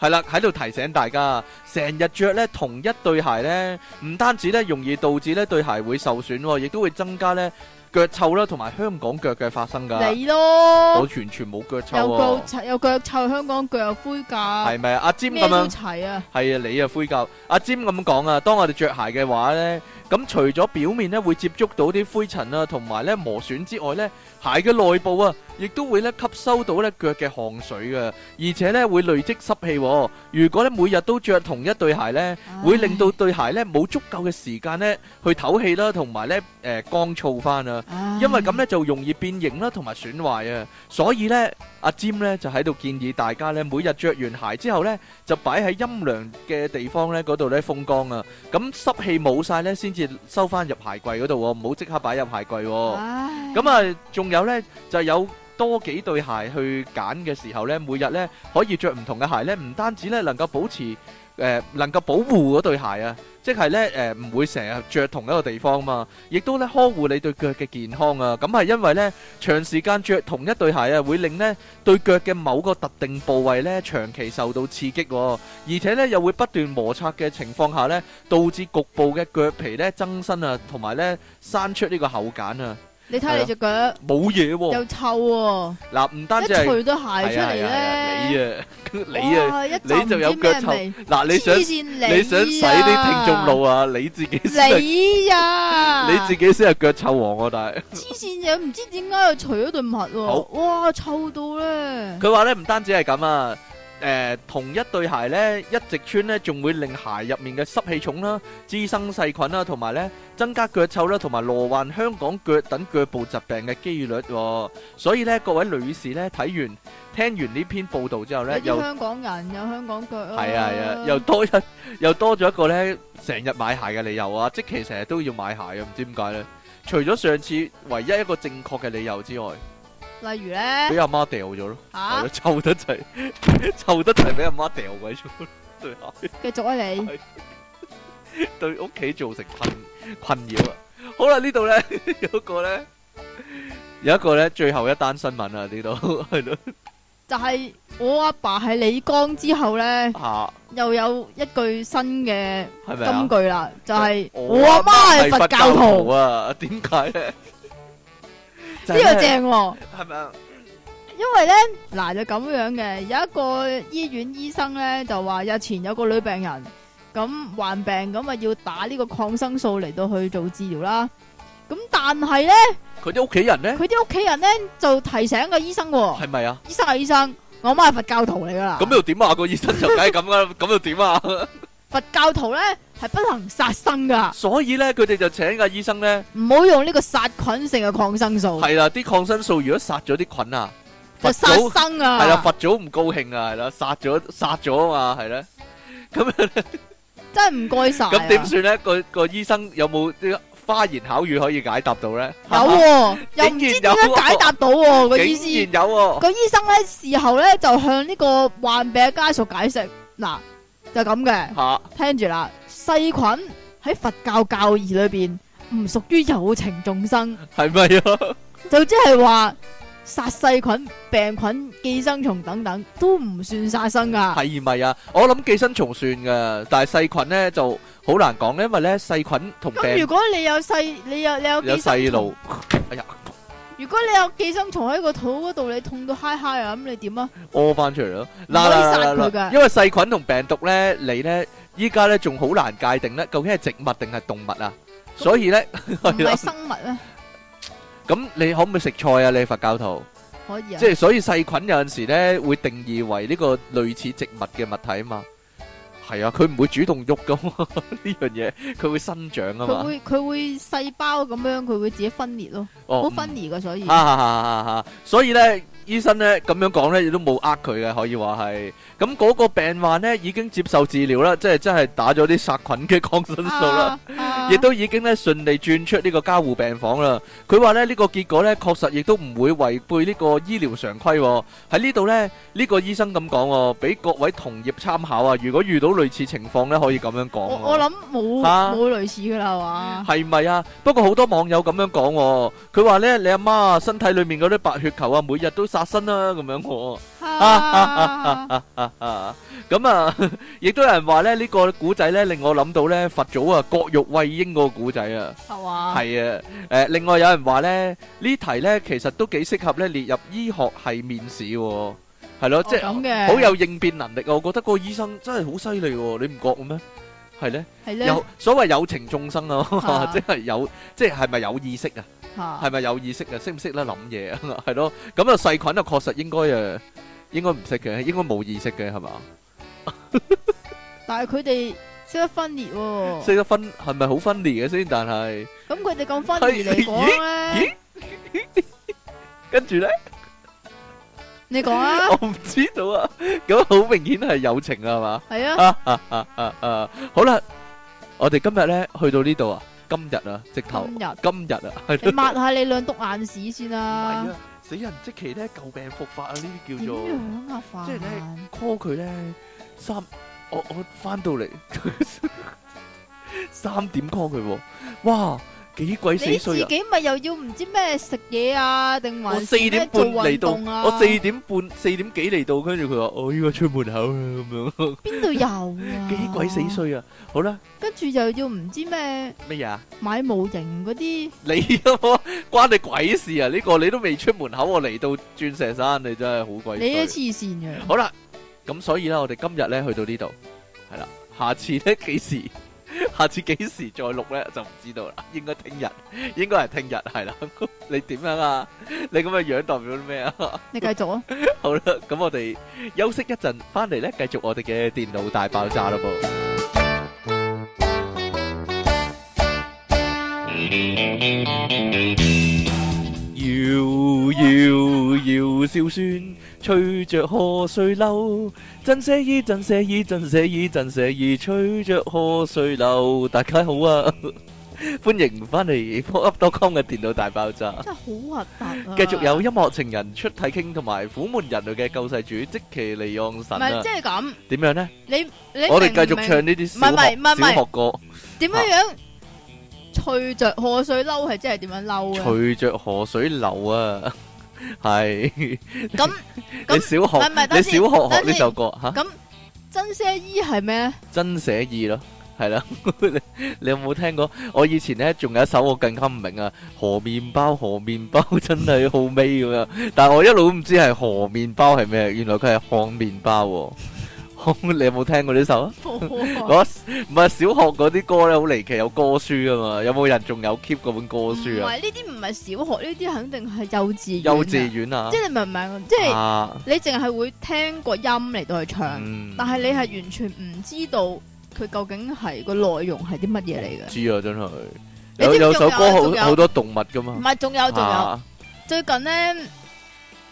係啦，喺度提醒大家，成日着咧同一對鞋呢，唔單止咧容易導致咧對鞋會受損，哦，亦都會增加呢腳臭啦、啊，同埋香港腳嘅發生噶。你咯囉，我完全冇腳臭，啊。又腳臭，香港腳有灰甲。係咪啊？阿尖咁樣。咩啊？係啊，你又、啊、灰甲。阿尖咁講啊，當我哋着鞋嘅話呢。咁除咗表面咧會接觸到啲灰塵啊，同埋咧磨損之外咧，鞋嘅內部啊，亦都會咧吸收到咧腳嘅汗水啊，而且咧會累積濕氣。如果咧每日都著同一對鞋咧，會令到對鞋咧冇足夠嘅時間咧去透氣啦，同埋咧誒乾燥翻啊。因為咁咧就容易變形啦，同埋損壞啊。所以咧，阿占咧就喺度建議大家咧，每日著完鞋之後咧，就擺喺陰涼嘅地方咧嗰度咧風乾啊。咁濕氣冇曬咧先。收翻入鞋櫃嗰度喎，唔好即刻擺入鞋櫃喎，哦。咁唉啊，仲有呢，就有多幾對鞋去揀嘅時候呢，每日呢可以着唔同嘅鞋呢，唔單止呢能夠保持。誒能夠保護嗰對鞋啊，即係咧誒唔會成日著同一個地方嘛，亦都咧呵護你對腳嘅健康啊。咁係因為咧長時間著同一對鞋啊，會令咧對腳嘅某個特定部位咧長期受到刺激，而且咧又會不斷摩擦嘅情況下咧，導致局部嘅腳皮咧增生啊，同埋咧生出呢個厚繭啊。你睇下你隻腳冇嘢喎，啊啊、又臭喎、啊。嗱、啊，唔單止除對鞋出嚟咧，你啊，啊，啊，啊，你啊，哇你就有腳臭。嗱、啊，你想，、啊、你，想你想洗啲聽眾路啊，你自己先你呀、啊， 你自己先係腳臭王啊，但係。黐線又唔知點解又除咗對襪，好哇，臭到咧。佢話咧唔單止係咁啊。誒、呃，同一對鞋咧，一直穿咧，仲會令鞋入面嘅濕氣重啦，滋生細菌啦，同埋咧，增加腳臭啦，同埋罹患香港腳等腳部疾病嘅機率、哦。所以咧，各位女士咧，睇完聽完呢篇報道之後咧，有知又香港人有香港腳、啊啊，係啊係啊，又多一又多咗一個咧，成日買鞋嘅理由啊！即其成日都要買鞋啊，唔知點解咧？除咗上次唯一一個正確嘅理由之外。例如咧，俾阿媽掉咗咯，吓臭得滯，臭得滯俾阿媽掉鬼咗，對下，繼續啊你，對屋企造成困困擾啊，好啦，呢度咧有一個咧，有一個咧最後一單新聞啊，呢度係咯，就係我阿爸係李剛之後咧，吓又有一句新嘅金句啦，就係我阿媽係佛教徒啊，點解咧？呢個正喎，係咪啊？因為咧，嗱就咁樣嘅，有一個醫院醫生咧就話，日前有個女病人咁患病，咁啊要打呢個抗生素嚟到去做治療啦。咁但係咧，佢啲屋企人咧，佢啲屋企人咧就提醒個醫生，係咪啊？醫生係醫生，我媽係佛教徒嚟噶啦，咁又點啊？個醫生就梗係咁啦，咁又點啊？佛教徒咧。係不能殺生噶，所以咧，佢哋就請個醫生咧，唔好用呢個殺菌性嘅抗生素。係啦，啲抗生素如果殺咗啲菌啊，就殺生啊，係啦，佛祖唔高興啊，係啦，殺咗殺咗啊嘛，係咧，咁樣咧，真係唔該晒。咁點算咧？個個醫生有冇啲花言巧語可以解答到咧？有，又唔知點樣解答到個醫生？有，個醫生咧事後咧就向呢個患病嘅家屬解釋，嗱，就咁嘅，聽住啦。細菌喺佛教教義裏邊唔屬於有情眾生，係咪 啊？就即係話殺細菌、病菌、寄生蟲等等都唔算殺生噶係咪啊？我諗寄生蟲算噶但係細菌咧就好難講，因為咧細菌同病毒如果你有細你有你有細路，哎呀！如果你有寄生蟲喺個肚嗰度，你痛到嗨嗨啊，咁你點啊？屙翻出嚟咯，嗱，殺佢噶因為細菌同病毒咧，你咧。你呢依家咧仲好難界定咧，究竟係植物定係動物啊？所以咧，係咪生物咧？咁你可唔可以食菜啊？你佛教徒可以啊？即係所以細菌有陣時咧會定義為呢個類似植物嘅物體啊嘛？係啊，佢唔會主動喐噶嘛？呢樣嘢佢會生長啊嘛？佢會佢會細胞咁樣，佢會自己分裂咯，好分裂噶，所以啊啊啊啊，所以咧。醫生咧咁樣講咧，亦都冇呃佢嘅，可以話係咁嗰個病患咧已經接受治療啦，即係真係打咗啲殺菌嘅抗生素啦，亦、啊啊、都已經咧順利轉出呢個加護病房啦。佢話咧呢、呢個結果咧確實亦都唔會違背呢個醫療常規喎、哦。喺呢度咧呢個醫生咁講、哦，俾各位同業參考啊！如果遇到類似情況咧，可以咁樣講、哦。我我諗冇冇類似噶啦，係咪啊？不過好多網友咁樣講、哦，佢話咧你阿媽身體裡面嗰啲白血球啊，每日都。發生啦咁樣，啊啊啊啊啊啊！咁啊，亦都有人話咧呢個古仔咧令我諗到咧佛祖啊割肉餵鷹嗰個古仔啊，係啊，誒，另外有人話咧呢題咧其實都幾適合咧列入醫學系面試，係咯，即係好有應變能力啊！我覺得個醫生真係好犀利，你唔覺嘅咩？係咧，有所謂有情眾生啊，即係有，即係係咪有意識啊？係咪有意識嘅？識唔識咧諗嘢啊？係咯，咁啊細菌啊，確實應該啊，應該唔識嘅，應該冇意識嘅，係嘛？但係佢哋識得分裂，識得分係咪好分裂嘅先？但係咁佢哋講分裂嚟講咧，跟住咧，你講啊？我唔知道啊，咁好明顯係友情啊，係嘛？係啊。啊啊啊啊！好啦，我哋今日咧去到呢度啊。今日啊，直頭今日天今日啊， 你抹下你兩篤眼屎先啊！啊，死人即係咧舊病復發啊，呢啲叫做點樣啊？凡即係咧 call 佢咧三，我我翻到嚟 三點 call 佢喎，啊，哇！幾鬼死衰啊！你自己咪又要唔知咩食嘢啊？定還是咩做運動啊？我四點半四點幾嚟到，跟住佢話我依個出門口啦咁樣。邊度有啊？幾鬼死衰啊！好啦，跟住就要唔知咩咩嘢呀？買模型嗰啲，你關你鬼事啊？呢個你都未出門口，我嚟到鑽石山，你真係好鬼。你啲黐線嘅。好啦，咁所以啦，我哋今日咧去到呢度係啦，下次咧幾時？下次幾時再錄咧就唔知道啦，應該聽日，應該係聽日係啦。你點樣啊？你咁嘅樣代表咩啊？你繼續啊！好啦，咁我哋休息一陣，翻嚟咧繼續我哋嘅電腦大爆炸咯噃。搖搖搖，笑酸。吹着河水流，真寫意，真寫意，真寫意，真寫意。吹着河水流，大家好啊，歡迎翻嚟《波噏多康》嘅電腦大爆炸。真係好核突啊！繼續有音樂情人出體 king，同埋虎門人類嘅救世主積淇離岸神。咪即係咁？點樣呢？你你我哋繼續唱呢啲唔係唔係唔係唔係小學歌？點樣樣？吹着河水流係即係點樣嬲？吹着河水流啊！係咁，嗯、 你小學、嗯嗯、等等你小學學呢首歌吓？咁等、啊嗯、真寫意係咩真寫意咯，係啦。 你有冇聽過？我以前咧仲有一首我更加唔明啊，河麵包河麵包真係好味咁樣，但我一路都唔知係河麵包係咩，原來佢係漢麵包、哦。 你有冇聽過呢首啊？唔係 小學嗰啲歌咧，好離奇，有歌書噶嘛？有冇人仲有 keep 嗰本歌書啊？唔係呢啲唔係小學，呢啲肯定係幼稚園。幼稚園啊！即係是、啊、你明唔明？即係你淨係會聽個音嚟到去唱，嗯、但係你係完全唔知道佢究竟係個內容係啲乜嘢嚟嘅。知啊，真係知有，有首歌好好多動物噶嘛？唔係，仲有仲有，最近咧。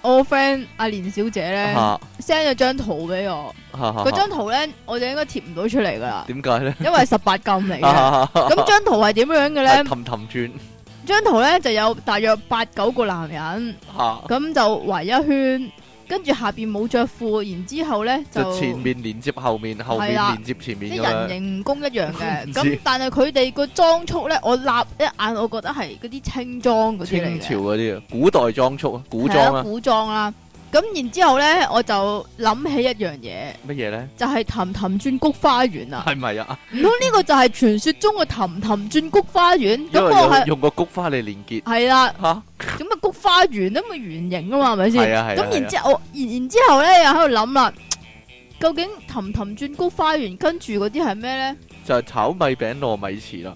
我 friend 阿蓮小姐咧 send 咗張圖俾我，嗰張、啊啊、圖咧我就應該貼唔到出嚟噶啦。點解咧？因為十八禁嚟嘅。咁張、啊啊啊、圖係點樣嘅咧？氹氹轉。張圖咧就有大約八九個男人，咁、啊、就圍一圈。跟住下邊冇着褲，然之後咧就前面連接後面，後面連接前面咁樣，啲人形蜈蚣一樣嘅。咁但係佢哋個裝束咧，我立一眼，我覺得係嗰啲清裝嗰啲嚟嘅。清朝嗰啲啊，古代裝束啊，古裝啊，古裝啦。咁然之後咧，我就諗起一樣嘢，乜嘢咧？就係氹氹轉菊花園啊！係咪啊？唔通呢個就係傳說中嘅氹氹轉菊花園。咁我係用個菊花嚟連結。係啦、嗯。吓、啊。咁啊菊花園都咪圓形啊嘛，係咪先？係啊係。咁然之後，我然然之後咧又喺度諗啦，究竟氹氹轉菊花園跟住嗰啲係咩咧？呢就係炒米餅糯米糍啦。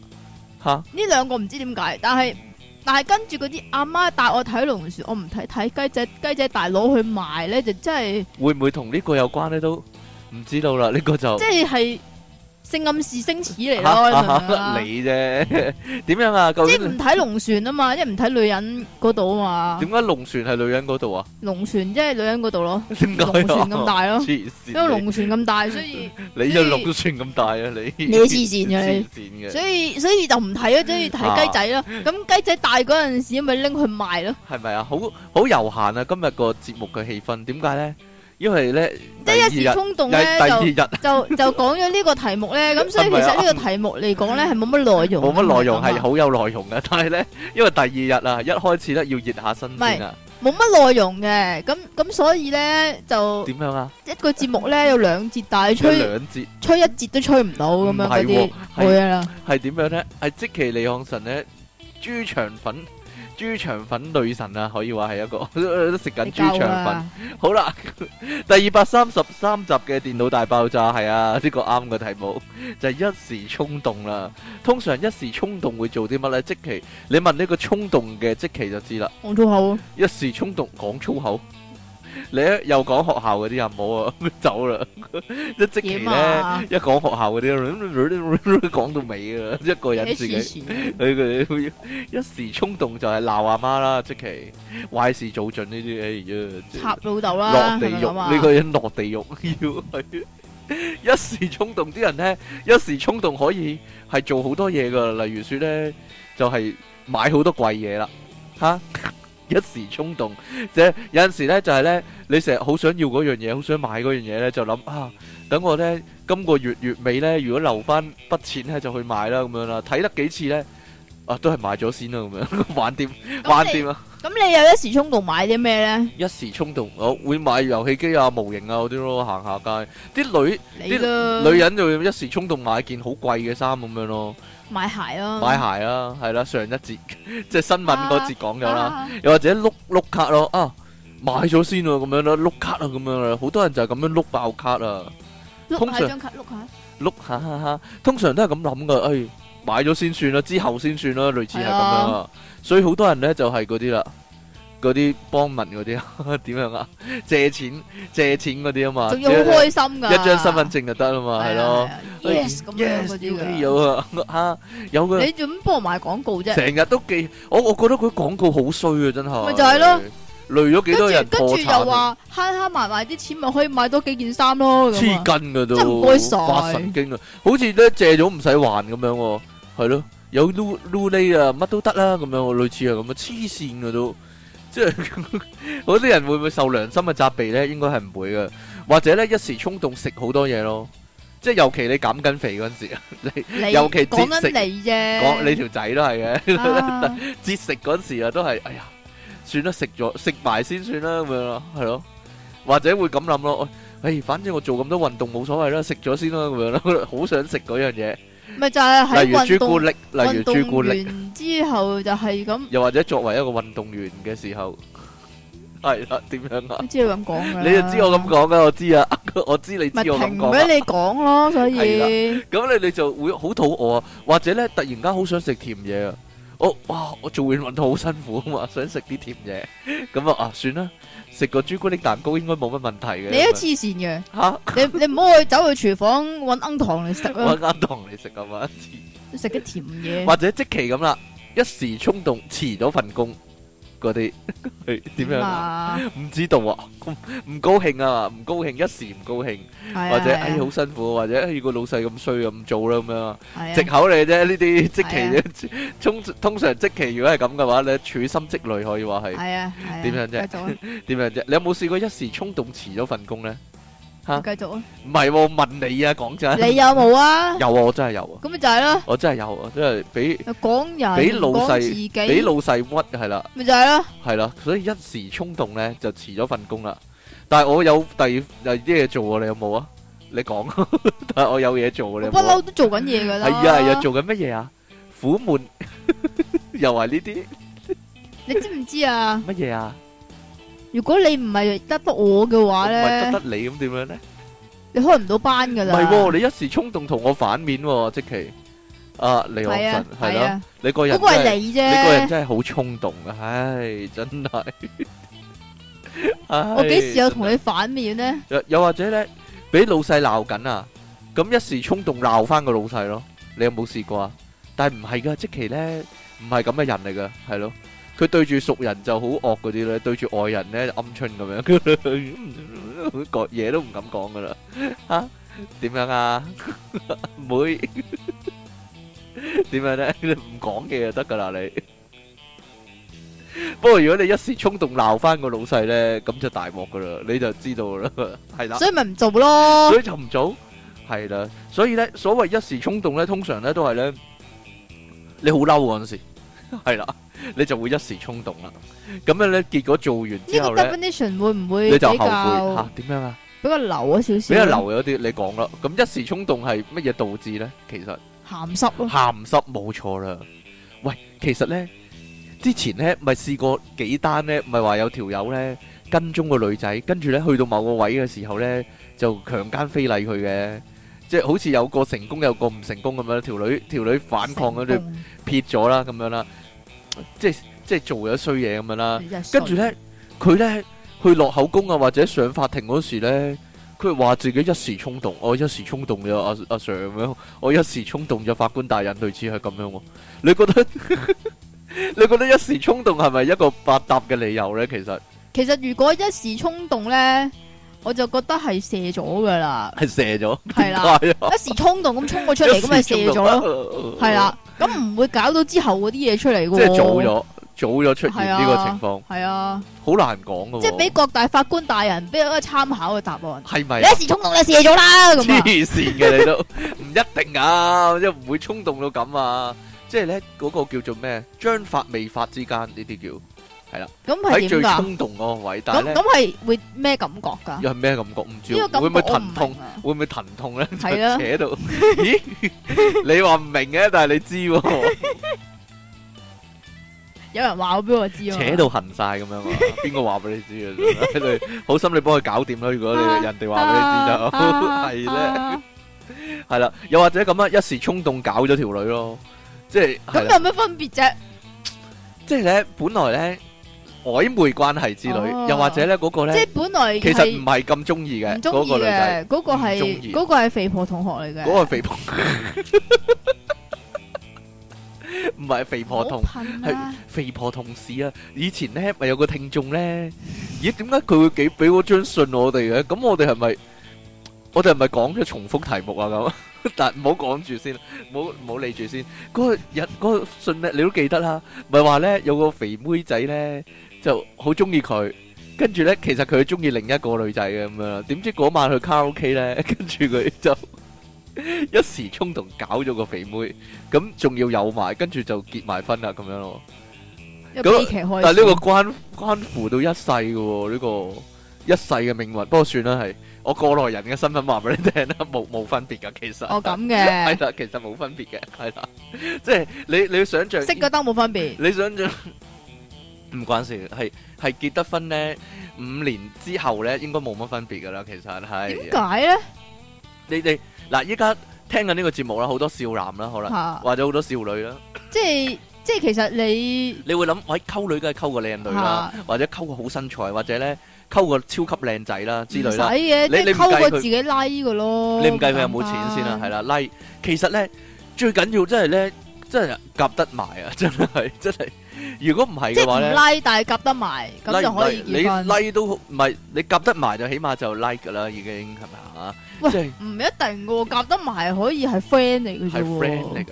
吓、啊。呢兩個唔知點解，但係。但係跟住嗰啲，阿媽帶我睇龍船，我唔睇，睇雞仔，雞仔大佬去賣咧，就真係會唔會同呢個有關咧？都唔知道啦，呢個就即係係。正暗示星矢嚟咯，你啫？點樣啊？即係唔睇龍船啊嘛，即係唔睇女人嗰度啊嘛。點解龍船係女人嗰度啊？龍船即係女人嗰度咯，龍船咁大咯。黐線，因為龍船咁大，所以你又龍船咁大啊？你你黐線嘅，所以所以就唔睇咯，即係睇雞仔咯。咁雞仔大嗰陣時，咪拎去賣咯。係咪啊？好好悠閒啊！今日個節目嘅氣氛，點解咧？因為咧，即一時衝動咧就就就講咗呢個題目咧，咁所以其實呢個題目嚟講咧係冇乜內容，冇乜內容係好有內容嘅，但係咧因為第二日啊，一開始咧要熱下身啊，冇乜內容嘅，咁咁所以咧就點樣啊？一個節目咧有兩節，大吹兩節，吹一節都吹唔到咁樣嗰啲會啦，係點樣咧？係積淇離岸神咧豬腸粉。豬腸粉女神啊，可以話係一個食緊豬腸粉。啊、好啦，第二百三十三集嘅電腦大爆炸，係啊，呢、呢個啱嘅題目就係、一時衝動啦。通常一時衝動會做啲乜呢？積淇你問呢個衝動嘅積淇就知啦。講粗口？一時衝動，講粗口。你又講學校嗰啲阿冇啊，走啦！ 一即係咧，啊、一講學校嗰啲，講到尾啊，一個人自己，佢佢一、一時衝動就係鬧阿媽啦，即係壞事做盡呢啲，插老豆啦，落地獄呢、啊、個人落地獄，要係一時衝動呢，啲人咧一時衝動可以係做好多嘢噶，例如說咧就係、是、買好多貴嘢啦，吓、啊。一時衝動，即係有陣時咧，就係咧，你成日好想要嗰樣嘢，好想買嗰樣嘢咧，就諗啊，等我咧今個月月尾咧，如果留翻筆錢咧，就去買啦，咁樣啦，睇得幾次咧。啊，都係買咗先咯，咁樣玩掂玩掂啊！咁你有一時衝動買啲咩咧？一時衝動，我會買遊戲機啊、模型啊嗰啲咯。行下街，啲女，你咯，女人就一時衝動買件好貴嘅衫咁樣咯，買鞋咯，買鞋啦，係啦，上一節即係新聞嗰節講咗啦，又或者碌碌卡咯，啊，買咗先咯，咁樣咯，碌卡啊，咁樣啦，好多人就係咁樣碌爆卡啊，碌下張卡碌下，碌下哈哈，通常都係咁諗噶，哎。買咗先算啦，之後先算啦，類似係咁樣，啊、所以好多人咧就係嗰啲啦，嗰啲邦民嗰啲點樣啊？借錢借錢嗰啲啊嘛，仲要好開心噶，借一張身份證就得啦嘛，係咯，yes 咁樣嗰啲有啊吓、啊、有嘅，你做乜幫我買廣告啫？成日都記，我我覺得佢廣告好衰啊，真係咪就係咯？累咗幾多人？跟住又話慳慳埋埋啲錢咪可以買多幾件衫咯，黐筋噶都，真係唔該曬，發神經啊！好似咧借咗唔使還咁樣，係咯，有攞攞呢啊乜都得啦咁樣，類似係咁啊黐線噶都，即係嗰啲人會唔會受良心嘅責備咧？應該係唔會嘅，或者咧一時衝動食好多嘢咯，即係尤其你減緊肥嗰陣時，你尤其節食，講緊你啫，講你條仔都係嘅，節食嗰陣時啊都係，哎呀～算啦，食咗食埋先算啦，咁樣咯，係咯，或者會咁諗咯。誒，反正我做咁多運動冇所謂啦，食咗先啦，咁樣咯。好想食嗰樣嘢，咪就係例如朱古力，例如朱古力之後就係咁。又或者作為一個運動員嘅時候，係啦，點樣啊？知你咁講噶，你又知我咁講噶，我知啊，我知你知我咁講。咪停俾你講咯，所以咁你你就會好肚餓啊，或者咧突然間好想食甜嘢啊！我、哦、哇！我做完運動好辛苦啊嘛，想食啲甜嘢，咁、 嗯、啊啊算啦，食個朱古力蛋糕應該冇乜問題嘅、啊。你都黐線嘅吓！你你唔好去走去廚房搵奀糖嚟食咯，搵奀糖嚟食咁啊！食啲甜嘢，或者即期咁啦，一時衝動辭咗份工。嗰啲點樣啊？唔 知道啊？唔 唔高興啊？唔高興，一時唔高興，高興是啊、或者是、啊、哎好辛苦、啊，或者如果、哎、老細咁衰咁做啦咁樣，是啊、藉口嚟啫。呢啲即期，通 通常即期如果係咁嘅話，你處心積慮可以話係。係啊，啊， 啊，點續、啊、 樣啫？點樣啫？你有冇試過一時衝動辭咗份工咧？繼續啊，唔係，問你啊，講真，你有冇啊？有啊，我真係有啊。咁咪就係咯，我真係有，即係俾講人，俾老細，俾老細屈係啦。咪就係咯，係啦，所以一時衝動咧就辭咗份工啦。但係我有第二第二啲嘢做啊，你有冇啊？你講，但係我有嘢做啊，你不嬲都做緊嘢噶啦。係啊，係啊，又做緊乜嘢啊？苦悶，又係呢啲。你知唔知啊？乜嘢啊？如果你唔係得得我嘅話咧，唔係得得你咁點樣咧？你開唔到班噶啦！唔係，你一時衝動同我反面，積淇啊，你好係咯，你個人，不過係你啫，你個人真係好衝動啊！唉，真係，我幾時有同你反面咧？又又或者咧，俾老細鬧緊啊，咁一時衝動鬧返個老細咯，你有冇試過啊？但係唔係噶，積淇咧，唔係咁嘅人嚟噶，係咯。佢對住熟人就好惡嗰啲咧，對住外人咧就暗春咁樣，講嘢都唔敢講噶啦嚇，點樣啊？唔會點樣咧？你唔講嘢就得噶啦你。不過如果你一時衝動鬧翻個老細咧，咁就大鑊噶啦，你就知道啦。係啦，所以咪唔做咯。所以就唔做。係啦，所以咧，所謂一時衝動咧，通常咧都係咧，你好嬲嗰陣時。係啦，你就會一時衝動啦，咁樣咧，結果做完之後咧，你就後悔吓，點樣啊？比較流啊，少少，比較流有啲，你講啦。咁一時衝動係乜嘢導致咧？其實鹹濕咯，鹹濕冇錯啦。喂，其實咧，之前咧，咪試過幾單咧，咪話有條友咧跟蹤個女仔，跟住咧去到某個位嘅時候咧，就強姦非禮佢嘅。即係好似有個成功，有個唔成功咁樣，條女條女反抗嗰啲撇咗啦，咁樣啦，即係即係做咗衰嘢咁樣啦。跟住咧，佢咧去落口供啊，或者上法庭嗰時咧，佢話自己一時衝動，我一時衝動咗阿阿 Sir 咁樣，我一時衝動咗法官大人類似係咁樣。你覺得你覺得一時衝動係咪一個百搭嘅理由咧？其實其實如果一時衝動咧。我就覺得係射咗噶啦，係射咗，係啦，一時衝動咁衝過出嚟，咁咪 射咗，係啦、啊，咁、啊、唔、啊啊、會搞到之後嗰啲嘢出嚟噶，即係早咗，早咗出現呢個情況，係啊，好、啊、難講噶，即係俾各大法官大人俾一個參考嘅答案，係咪、啊、你一時衝動你射咗啦？咁黐線嘅你都唔一定啊，即係唔會衝動到咁啊，即係咧嗰個叫做咩？將發未發之間呢啲叫。係啦，喺最衝動嗰個位，但係咧，咁咁係會咩感覺噶？又係咩感覺？唔知會唔會疼痛？會唔會疼痛咧？係啊，扯到咦？你話唔明嘅，但係你知。有人話我俾我知，扯到痕晒咁樣，邊個話俾你知啊？好心你幫佢搞掂啦！如果你人哋話俾你知就係咧，係啦，又或者咁樣一時衝動搞咗條女咯，即係咁有咩分別啫？即係咧，本來咧。曖昧關係之類，又或者咧嗰個咧，即係本來其實唔係咁中意嘅嗰個女仔，嗰個係嗰個係肥婆同學嚟嘅，嗰個肥婆唔係肥婆同係肥婆同事啊！以前咧咪有個聽眾咧，咦？點解佢會寄俾嗰張信我哋嘅？咁我哋係咪我哋係咪講咗重複題目啊？咁但係唔好講住先，唔好唔好理住先。嗰日嗰個信咧你都記得啦，咪話咧有個肥妹仔咧。就好中意佢，跟住咧，其實佢中意另一個女仔嘅咁樣，點知嗰晚去卡拉 OK 咧，跟住佢就一時衝動搞咗個肥妹，咁仲要有埋，跟住就結埋婚啦咁樣咯。咁但係呢個關關乎到一世嘅呢個一世嘅命運，不過算啦，係我過來人嘅身份話俾你聽啦，冇冇分別噶，其實我咁嘅係啦，其實冇分別嘅係啦，即係你你要想象識覺得冇分別，你想象。唔關事，係係結得婚咧，五年之後咧，應該冇乜分別噶啦。其實係點解咧？你哋嗱，依家聽緊呢個節目啦，好多少男啦，可能或者好多少女啦。即係即係，其實你你會諗，喂，溝女梗係溝個靚女啦，或者溝個好身材，或者咧溝個超級靚仔啦之類啦。使嘅，你溝個自己拉嘅咯。你唔計佢有冇錢先啦，係啦拉。其實咧最緊要真係咧，真係夾得埋啊！真係真係。如果唔係嘅話咧，即係 like 但係夾得埋，咁就可以結婚。你 like 都唔係你夾得埋就起碼就 like 噶啦，已經係咪啊？即係唔一定個夾得埋可以係 friend 嚟嘅啫。係 friend 嚟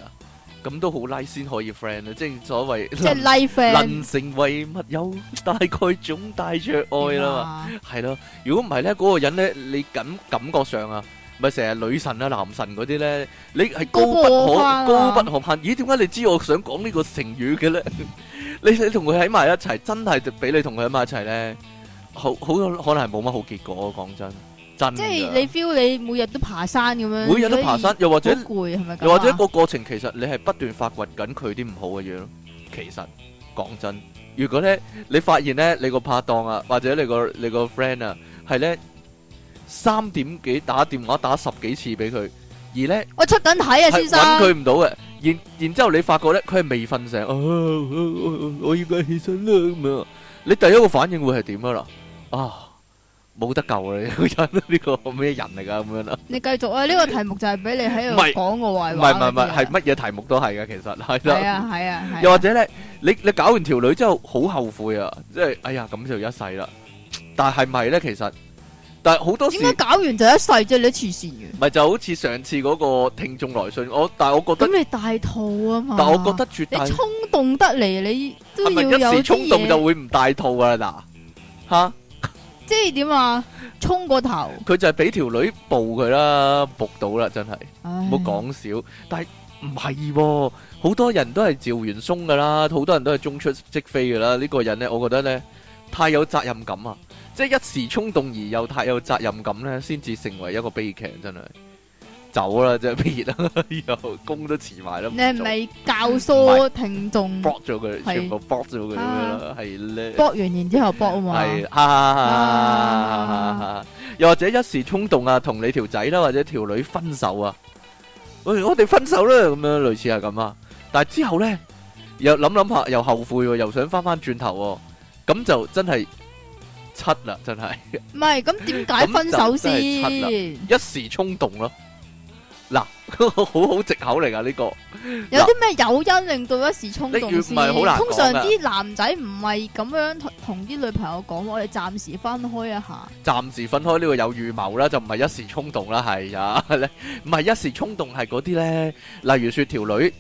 噶，咁都好 like 先可以 friend 啊，即係所謂即係 like friend。能成為密友，大概總帶着愛啦嘛，係咯。如果唔係咧，嗰個人咧，你感感覺上啊。咪成日女神啊男神嗰啲咧，你係高不可高，啊、高不可攀。咦？點解你知我想講呢個成語嘅咧？ 你你同佢喺埋一齊，真係俾你同佢喺埋一齊咧，好好可能係冇乜好結果，啊。講真，真。即係你 feel 你每日都爬山咁樣，每日都爬山，又或者攰係咪咁？又或者個過程其實你係不斷發掘緊佢啲唔好嘅嘢咯。其實講真，如果咧你發現咧你個拍檔啊，或者你個你個 friend 啊，係咧。三點幾打電話打十幾次俾佢，而咧我出緊體啊，先生搵佢唔到嘅，然然之後你發覺咧佢係未瞓醒，我應該起身啦咁樣，你第一個反應會係點樣啦？啊，冇得救啦，呢個咩人嚟噶咁樣啦？你繼續啊，呢個題目就係俾你喺度講個壞話，唔係唔係，係乜嘢題目都係噶，其實係啊係啊，又或者咧，你你搞完條女之後好後悔啊，即係哎呀咁就一世啦，但係係咪咧其實？點解搞完就一世啫？你黐線嘅咪就好似上次嗰個聽眾來信，我但係我覺得咁你戴套啊嘛，但係我覺得絕對，你衝動得嚟，你都要有啲嘢。係咪一時衝動就會唔戴套啊？嗱， 吓，即係點啊？衝個頭，佢就係俾條女暴佢啦，搏到啦，真係唔好講少。但係唔係，好多人都係趙元松噶啦，好多人都係中出即飛噶啦。呢、這個人咧，我覺得咧。太有責任感啊！即係一時衝動而又太有責任感咧，先至成為一個悲劇，真係走啦，真係撇啦，又工都辭埋啦。你係咪教唆聽眾？搏咗佢，是全部搏咗佢啦，係、啊、咧。搏完然之後搏啊嘛，係、啊，啊啊、又或者一時衝動啊，同你條仔啦或者條女分手啊，喂，我哋分手啦，咁樣類似係咁啊，但係之後咧又諗諗下又後悔，又想翻翻轉頭、啊。咁就真係七啦，真係。唔係，咁點解分手先？一時衝動咯。嗱，好好借口嚟噶呢個。有啲咩誘因令到一時衝動先？通常啲男仔唔係咁樣同啲女朋友講，我哋暫時分開一下。暫時分開呢個有預謀啦，就唔係一時衝動啦，係啊，唔係一時衝動係嗰啲呢，例如說條女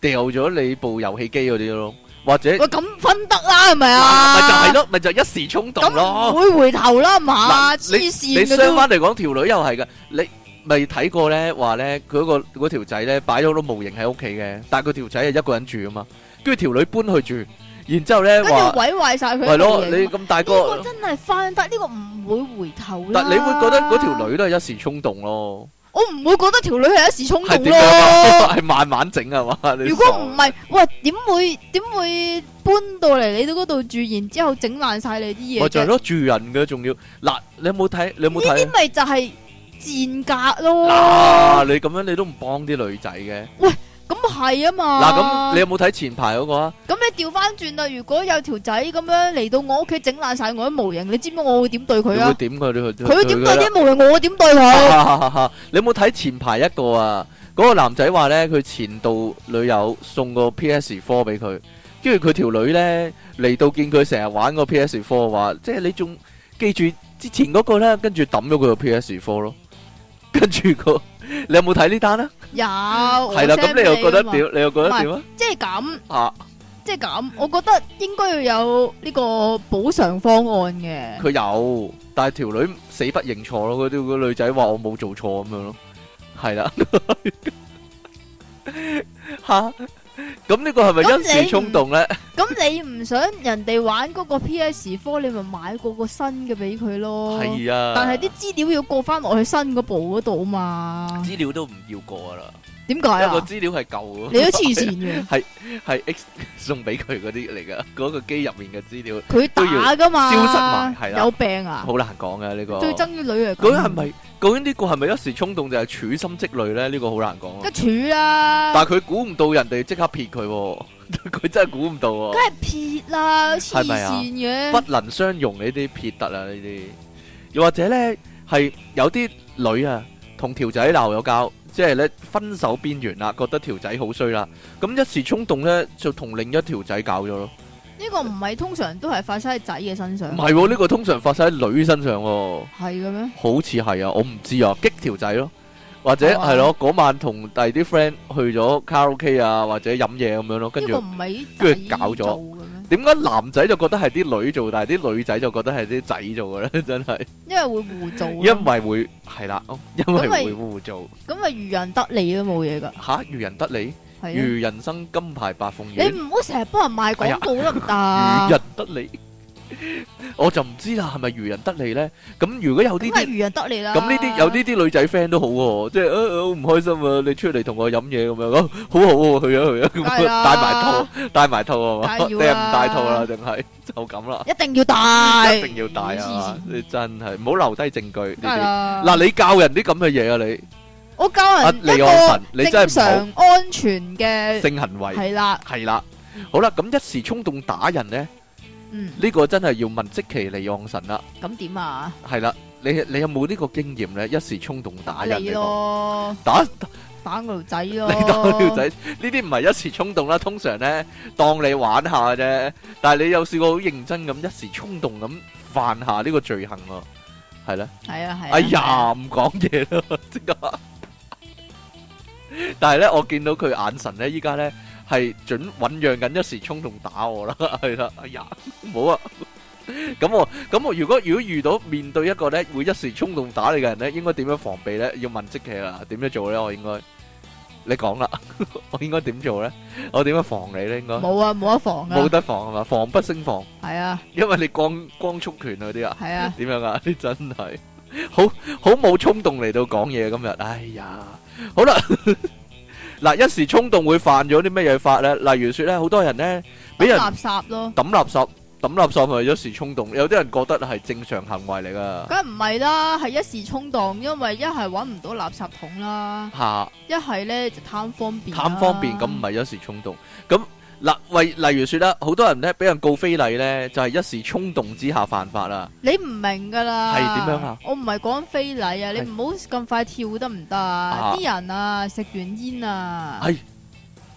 掉咗你部遊戲機嗰啲咯。或者喂咁分得啦，係咪啊？咪、啊、就係咯，咪就一時衝動咯，唔會回頭啦，係嘛？黐線、啊、你善你相反嚟講，條女又係噶，你咪睇過咧？話咧佢嗰個條仔咧擺咗好多模型喺屋企嘅，但係佢條仔係一個人住啊嘛，跟住條女搬去住，然之後咧話毀壞晒佢。係咯，你咁大個，呢個真係分得，呢、這個唔會回頭。但你會覺得嗰條女都係一時衝動咯。我唔會覺得條女係一時衝動咯，係 慢慢整係嘛？你如果唔係，喂，點會點會搬到嚟你度度住然，然之後整爛晒你啲嘢？咪就係咯，住人嘅仲要。嗱，你有冇睇？你有冇睇？呢啲咪就係賤格咯。你咁樣你都唔幫啲女仔嘅？喂！咁係啊嘛！嗱,咁你有冇睇前排嗰個啊？咁你調翻轉啦！如果有條仔咁樣嚟到我屋企整爛晒，我啲模型。你知唔知我會點對佢啊？會點佢咧？佢佢點對啲模型？我點對佢？你有冇睇前排一個啊？嗰個男仔話咧，佢前度女友送個 PS4 俾佢，跟住佢條女咧嚟到見佢成日玩個 PS4 話，即係你仲記住之前嗰個咧，跟住抌咗佢個 PS4 咯，跟住個。你有冇睇呢單啊？有係啦，咁 了你又覺得點？你又覺得點、即係、啊？即係咁啊！即係咁，我覺得應該要有呢個補償方案嘅。佢有，但係條女死不認錯咯。佢啲個女仔話我冇做錯咁樣咯，係啦。吓、 啊！咁 呢個係咪一時衝動咧？咁你唔 想人哋玩嗰個 PS Four，你咪買過個新嘅俾佢咯。係是啊，但係啲資料要過翻落去新嗰部嗰度嘛？資料都唔要過啦。點解啊？個資料係舊，你都黐線嘅，係係 X 送俾佢嗰啲嚟噶，嗰個機入面嘅資料，佢打噶嘛，消失埋，係啦，有病啊，好難講嘅呢個，最憎啲女嚟，究竟係咪？究竟呢個係咪一時衝動，就係處心積慮咧？呢個好難講。梗蓄啦，但係佢估唔到人哋即刻撇佢，佢真係估唔到。佢係撇啦，黐線嘅，不能相容呢啲撇得啊呢啲，又或者咧係有啲女啊同條仔鬧咗交。即係咧，分手邊緣啦，覺得條仔好衰啦，咁一時衝動咧就同另一條仔搞咗咯。呢個唔係通常都係發生喺仔嘅身上。唔係喎，呢個通常發生喺女身上喎。係嘅咩？好似係啊，我唔知啊，激條仔咯，或者係咯，嗰晚同第二啲 friend 去咗卡拉 OK 啊，或者飲嘢咁樣咯，跟住跟住搞咗。點解男仔就覺得係啲女做，但係啲女仔就覺得係啲仔做咧？真係 ，因為會污糟。因為會係啦，因為會污糟。咁咪漁人得利都冇嘢噶。吓，漁人得利，漁了人生金牌白鳳丸。你唔好成日幫人賣廣告得唔得？漁大 人得利。我就唔知啦，係咪漁人得利咧？咁如果有啲咁，漁人得利啦。咁呢啲有呢啲女仔 friend 都好，即係誒，好唔開心啊！你出嚟同我飲嘢咁樣，好好去咗去啊，帶埋套，帶埋套啊嘛，你唔帶套啦，定係就咁啦。一定要帶，一定要帶啊！你真係唔好留低證據呢啲。嗱，你教人啲咁嘅嘢啊，你我教人離岸神正常安全嘅性行為，係啦，係啦。好啦，咁一時衝動打人咧。嗯，呢個真係要問積淇離岸神啦。咁點啊？係啦，你你有冇呢個經驗咧？一時衝動打人嚟咯，打打僆仔咯。你打僆仔呢啲唔係一時衝動啦，通常咧當你玩下啫。但係你有試過好認真咁一時衝動咁犯下呢個罪行喎？係咧。係啊係。哎呀，唔講嘢咯，即刻。但係咧，我見到佢眼神咧，依家咧。係准醞釀緊一時衝動打我啦，係啦，哎呀，唔好啊！咁我咁我如果如果遇到面對一個咧會一時衝動打你嘅人咧，應該點樣防備咧？要問積淇啦，點樣做咧？我應該你講啦，我應該點做咧？我點樣防你咧？應該冇啊，冇得防啊，冇得防係嘛，防不勝防，係啊，因為你光光速拳嗰啲啊，係啊，點樣啊？你真係好好冇衝動嚟到講嘢今日，哎呀，好啦。嗱，一時衝動會犯咗啲咩嘢法呢？例如說咧，好多人呢，俾垃圾咯，抌垃圾，抌垃圾咪一時衝動。有啲人覺得係正常行為嚟㗎，梗唔係啦，係一時衝動，因為一係揾唔到垃圾桶啦，一係、啊、呢就貪方便，貪方便咁唔係一時衝動咁。嗱，例例如說啦，好多人咧俾人告非禮咧，就係一時衝動之下犯法啦。你唔明噶啦，係點樣啊？我唔係講非禮啊，你唔好咁快跳得唔得啊？啲人啊，食完煙啊，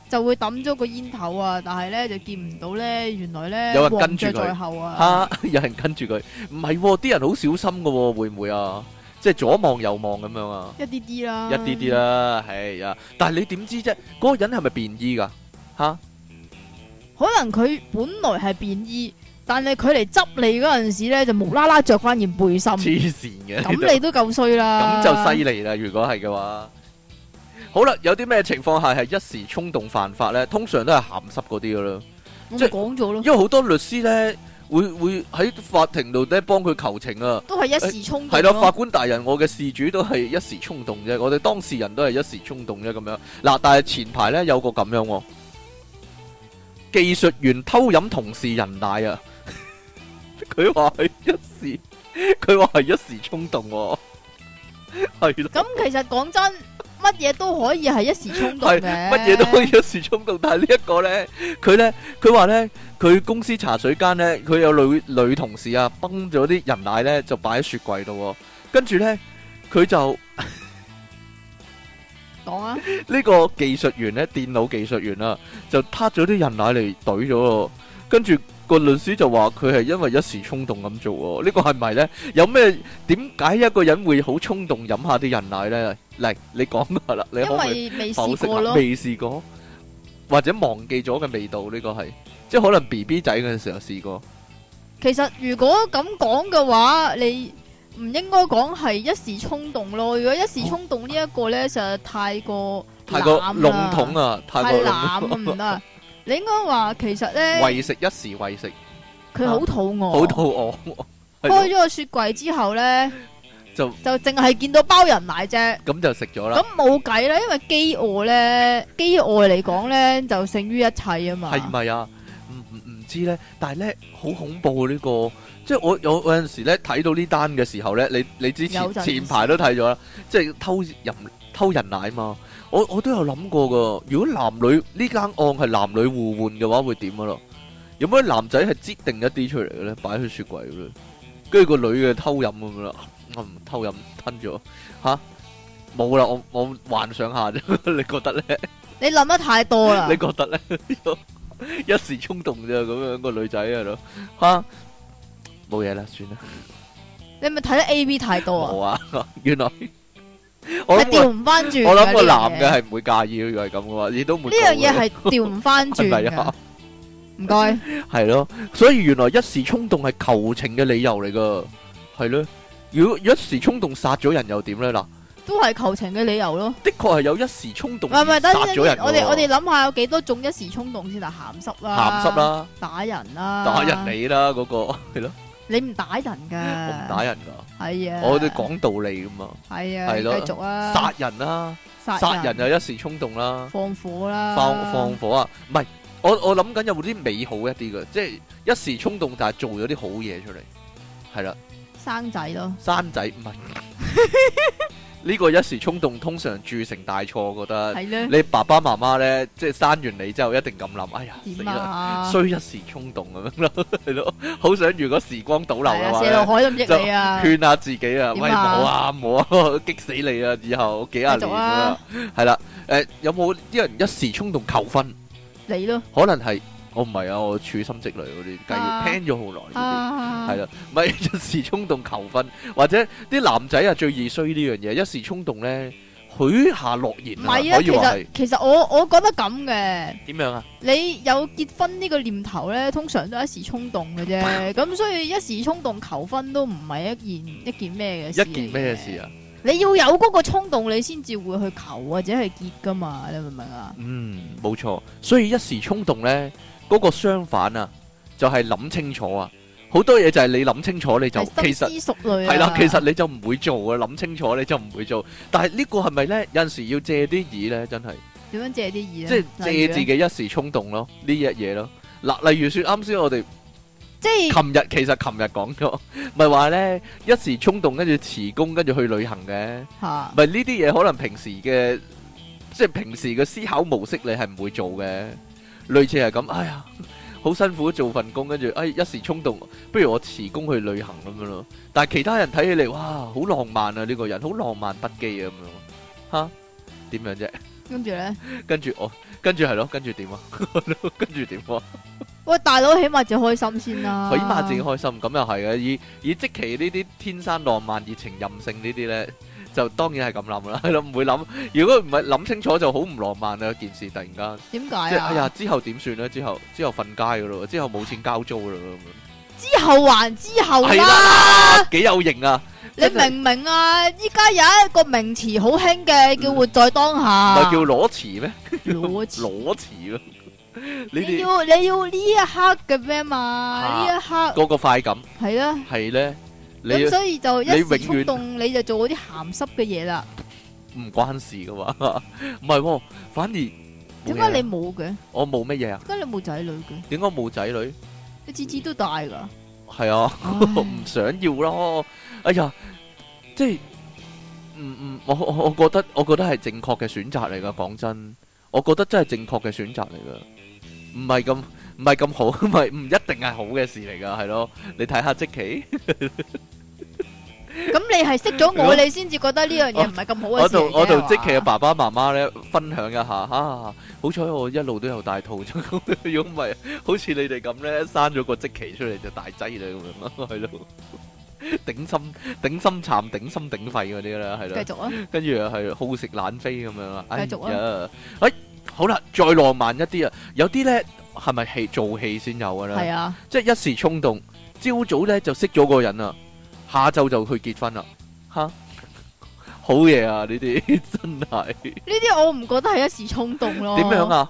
就會抌咗個煙頭啊，但係咧就見唔到咧，原來咧有人跟住最後啊，嚇有人跟住佢，唔係啲人好小心噶喎，會唔會啊？即係左望右望咁樣啊？一啲啲啦，一啲啲啦，係啊！但係你點知啫？嗰個人係咪便衣噶？嚇？可能佢本來係便衣，但係佢嚟執你嗰陣時咧，就無啦啦着翻件背心。黐線嘅，咁你都夠衰啦。咁就犀利啦！如果係嘅話，好啦，有啲咩情況下係一時衝動犯法呢？通常都係咸濕嗰啲噶咯，就即係講咗咯。因為好多律師呢，會會喺法庭度咧幫佢求情啊，都係一時衝動，啊。係咯，哎，法官大人，我嘅事主都係一時衝動啫，我哋當事人都係一時衝動啫，咁樣嗱。但係前排呢，有個咁樣。技術員偷飲同事人奶啊！佢話係一時，佢話係一時衝動，係咯。咁其實講真，乜嘢都可以係一時衝動嘅，乜嘢都可以一時衝動。但係呢一個咧，佢咧，佢話咧，佢公司茶水間咧，佢有女女同事啊，崩咗啲人奶咧，就擺喺雪櫃度，跟住咧，佢就。講啊！呢個技術員咧，電腦技術員啦，就撻咗啲人奶嚟懟咗咯。跟住個律師就話佢係因為一時衝動咁做喎。呢個係咪咧？有咩點解一個人會好衝動飲下啲人奶咧？嚟，你講下啦，你可唔可以因為未試過，或者忘記咗嘅味道呢個係，即係可能 B B 仔嗰陣時候試過。其實如果咁講嘅話，你。唔應該講係一時衝動咯，如果一時衝動呢一個咧，實在太過太過籠統啊，太濫唔得。 你應該話其實咧，為食一時為食，佢好肚餓，好肚餓。餓哦、開咗個雪櫃之後咧，就就淨係見到包人奶啫，咁就食咗啦。咁冇計啦，因為飢餓咧，飢餓嚟講咧就勝於一切啊嘛。係唔係啊？唔唔唔知咧，但係咧好恐怖呢、這個。即係我，我有有陣時咧睇到呢單嘅時候咧，你你之前前排都睇咗啦，即係偷人偷人奶嘛。我我都有諗過噶，如果男女呢間案係男女互換嘅話，會點啊咯？有冇啲男仔係擠定一啲出嚟嘅咧，擺喺雪櫃嘅，跟住個女嘅偷飲咁啦，我唔偷飲吞咗吓，冇啦，我我幻想下啫。你覺得咧？你諗得太多啦。你覺得咧？ 一時衝動咋咁樣，個女仔係咯吓？冇嘢啦，算啦。你咪睇得 AV 太多啊！我話原來係調唔翻轉。我諗個男嘅係唔會介意佢係咁噶嘛？你都冇呢樣嘢係調唔翻轉噶。唔該。係咯，所以原來一時衝動係求情嘅理由嚟噶。係咯，如果一時衝動殺咗人又點咧？嗱，都係求情嘅理由咯。的確係有一時衝動，唔係唔係。等陣我哋我哋諗下有幾多種一時衝動先啦。鹹濕啦，鹹濕啦，打人啦，打人你啦，嗰個係咯。你唔打人噶、嗯，我唔打人噶，係啊、哎呀，我哋講道理噶嘛，係啊、哎呀，繼的續啊，殺人啦、啊，殺人，人就一時衝動啦，放火啦，放放火啊，唔係，我我諗緊有冇啲美好一啲噶，即、就、係、是、一時衝動但係做咗啲好嘢出嚟，係啦，生仔咯，生仔唔係。 呢個一時衝動通常鑄成大錯，我覺得呢你爸爸媽媽呢，即係生完你之後一定咁諗，哎呀，死啦，衰一時衝動咁咯，係 咯，好想如果時光倒流嘅話，海都你啊，就勸下自己啊，喂，冇啊，冇啊，啊，激死你啊，以後幾年啊年係啦，誒、哎，有冇啲人一時衝動求婚？你咯，可能係。我唔係啊，我儲心積累嗰啲計 p l 咗好耐，係啦，唔係一時衝動求婚，或者啲男仔啊最易衰呢樣嘢，一時衝動咧許下諾言，唔係啊，其實其實我我覺得咁嘅。點樣啊？你有結婚呢個念頭咧，通常都一時衝動嘅啫，咁所以一時衝動求婚都唔係一件一件咩嘅事，一件咩事啊？你要有嗰個衝動，你先至會去求或者係結噶嘛？你明唔明啊？嗯，冇錯，所以一時衝動咧。嗰個相反啊，就係諗清楚啊，好多嘢就係你諗清楚你就其實係啦，其實你就唔會做嘅，諗清楚你就唔會做。但係呢個係咪呢？有時要借啲意呢，真係點樣借啲意呢？即係借自己一時衝動咯，呢一嘢咯。嗱，例如說啱先我哋即係琴日，其實琴日講咗，咪話呢一時衝動，跟住辭工，跟住去旅行嘅吓。咪呢啲嘢可能平時嘅即係平時嘅思考模式，你係唔會做嘅。類似係咁，哎呀，好辛苦做份工，跟住哎一時衝動，不如我辭工去旅行咁樣咯。但係其他人睇起嚟，哇，好浪漫啊呢個人，好浪漫不羈啊咁樣，嚇點樣啫？跟住呢？跟住我，跟住係咯，跟住點啊？跟住點啊？喂，大佬起碼自己開心先啦。起碼自己開心，咁又係呀。以以即其呢啲天生浪漫、熱情、任性呢啲呢。就當然係咁諗啦，係咯，唔會諗。如果唔係諗清楚，就好唔浪漫啦。件事突然間點解啊？哎呀，之後點算咧？之後之後瞓街噶咯，之後冇錢交租噶咯。之後還之後啦，幾有型啊！你明唔明啊？依家有一個名詞好興嘅，叫活在當下。唔係叫裸辭咩？裸裸辭咯！你要你要呢一刻嘅咩嘛？呢一刻嗰個快感係啦，係咧。咁所以就一時衝動，你就做嗰啲鹹濕嘅嘢啦。唔關事噶嘛，唔係，反而點解你冇嘅？我冇乜嘢啊。點解你冇仔女嘅？點解冇仔女？你次次都大噶。係啊，唔想要咯。哎呀，即係，嗯嗯，我我我覺得，我覺得係正確嘅選擇嚟噶。講真，我覺得真係正確嘅選擇嚟噶。唔係咁，唔係咁好，唔係唔一定係好嘅事嚟噶，係咯。你睇下積淇。咁你係識咗我你先至覺得呢樣嘢唔係咁好啊？我同我同積淇嘅爸爸媽媽咧分享一下吓，好彩我一路都有帶套，如果唔係，好似你哋咁咧，生咗個積淇出嚟就大劑啦咁樣，係咯，頂心頂心慘，頂心頂肺嗰啲啦，係咯，繼續啊！跟住又係好食懶飛咁樣啊！繼續啊！哎，好啦，再浪漫一啲啊！有啲咧係咪戲做戲先有噶咧？係啊，即係一時衝動，朝早咧就識咗個人啊！下晝就去結婚啦，吓好嘢啊！呢啲真係呢啲我唔覺得係一時衝動咯。點樣啊？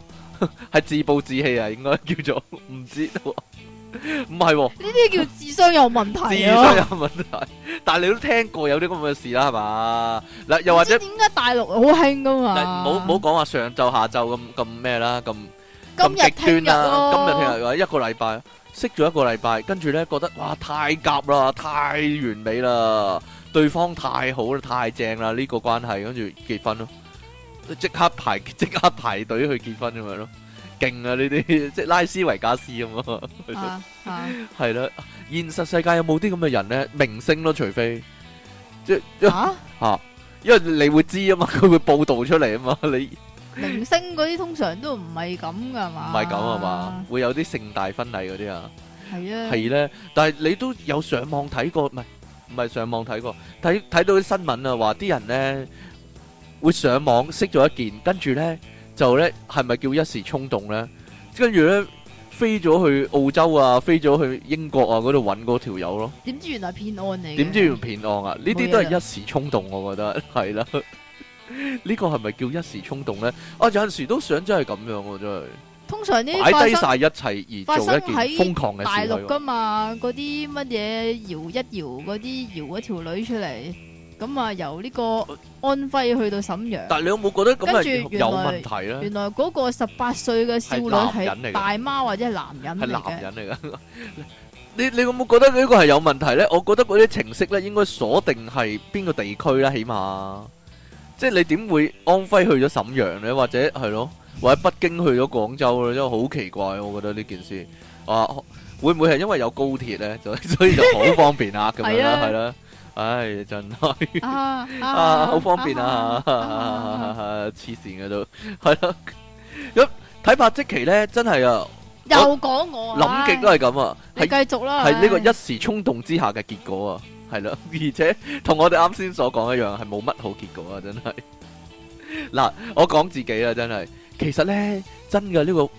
係自暴自棄啊，應該叫做唔知，唔係？呢啲叫智商有問題啊！智商有問題，但係你都聽過有啲咁嘅事啦，係嘛？嗱，又或者點解大陸好興噶嘛？唔好唔好講話上晝下晝咁咁咩啦，咁咁極端啊！今日聽日今日聽日一個禮拜。識咗一個禮拜，跟住呢覺得哇太夾啦，太完美啦，對方太好啦，太正啦，呢、這個關係，跟住結婚咯，即刻排即刻排隊去結婚咁樣咯，勁啊，呢啲即拉斯維加斯咁啊，係、啊、咯， 現實世界有冇啲咁嘅人呢？明星咯，除非即啊啊，因為你會知啊嘛，佢會報道出嚟啊嘛，你。 明星嗰啲通常都唔係咁噶，係嘛？唔係咁係嘛？會有啲盛大婚禮嗰啲啊，係啊，係咧。但係你都有上網睇過，唔係唔係上網睇過，睇睇到啲新聞啊，話啲人咧會上網識咗一件，跟住咧就咧係咪叫一時衝動咧？跟住咧飛咗去澳洲啊，飛咗去英國啊，嗰度揾嗰條友咯。點知原來騙案嚟？點知要騙案啊？呢啲都係一時衝動，我覺得係啦。呢 個係咪叫一時衝動咧？我有陣時都想真係咁樣喎、啊，真係。通常呢，擺低晒一切而做一件瘋生生狂嘅事。大陸噶嘛，嗰啲乜嘢搖一搖嗰啲搖一條女出嚟，咁啊由呢個安徽去到瀋陽。但係你有冇覺得咁啊有問題咧？原來嗰個十八歲嘅少女係大媽或者係男人嚟嘅。係男人嚟噶。 你你有冇覺得呢個係有問題咧？我覺得嗰啲程式咧應該鎖定係邊個地區咧，起碼。即係你點會安徽去咗瀋陽咧，或者係咯，或者北京去咗廣州咧，因為好奇怪，我覺得呢件事啊，會唔會係因為有高鐵咧， 所以就好方便啊咁 樣係咯，唉真係啊好方便啊黐線嘅都係咯，睇法即期咧真係啊，ah, ah, work, 又講我諗極都係咁啊，你繼續啦，係呢個一時衝動之下嘅結果啊。係咯， 而且同我哋啱先所講一樣，係冇乜好結果啊！真係嗱， 我講自己啊，真係，其實呢，真嘅呢、呢個呢、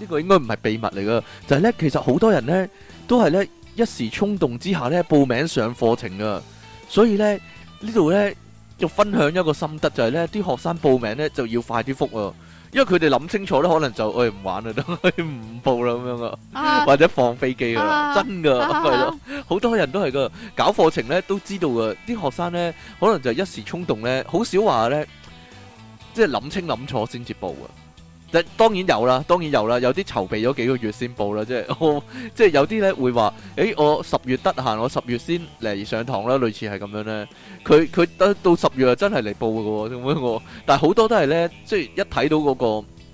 呢個應該唔係秘密嚟噶，就係、是、呢，其實好多人呢，都係呢，一時衝動之下呢，報名上課程噶，所以呢，呢度呢，就分享一個心得，就係、是、呢啲學生報名呢，就要快啲復啊。因為佢哋諗清楚咧，可能就誒唔、欸、玩啦，都唔報啦，咁樣啊，uh, 或者放飛機噶啦，uh, uh, uh, 真噶係咯，好、uh, uh, uh, uh, 多人都係噶，搞課程咧都知道噶，啲學生咧可能就一時衝動咧，好少話咧，即係諗清諗楚先至報啊。當然有啦，當然有啦，有啲籌備咗幾個月先報啦，即係、哦、即係有啲咧會話，誒我十月得閒，我十月先嚟上堂啦，類似係咁樣咧。佢佢等到十月啊，真係嚟報嘅喎、喔，但係好多都係咧，即、就、係、是、一睇到嗰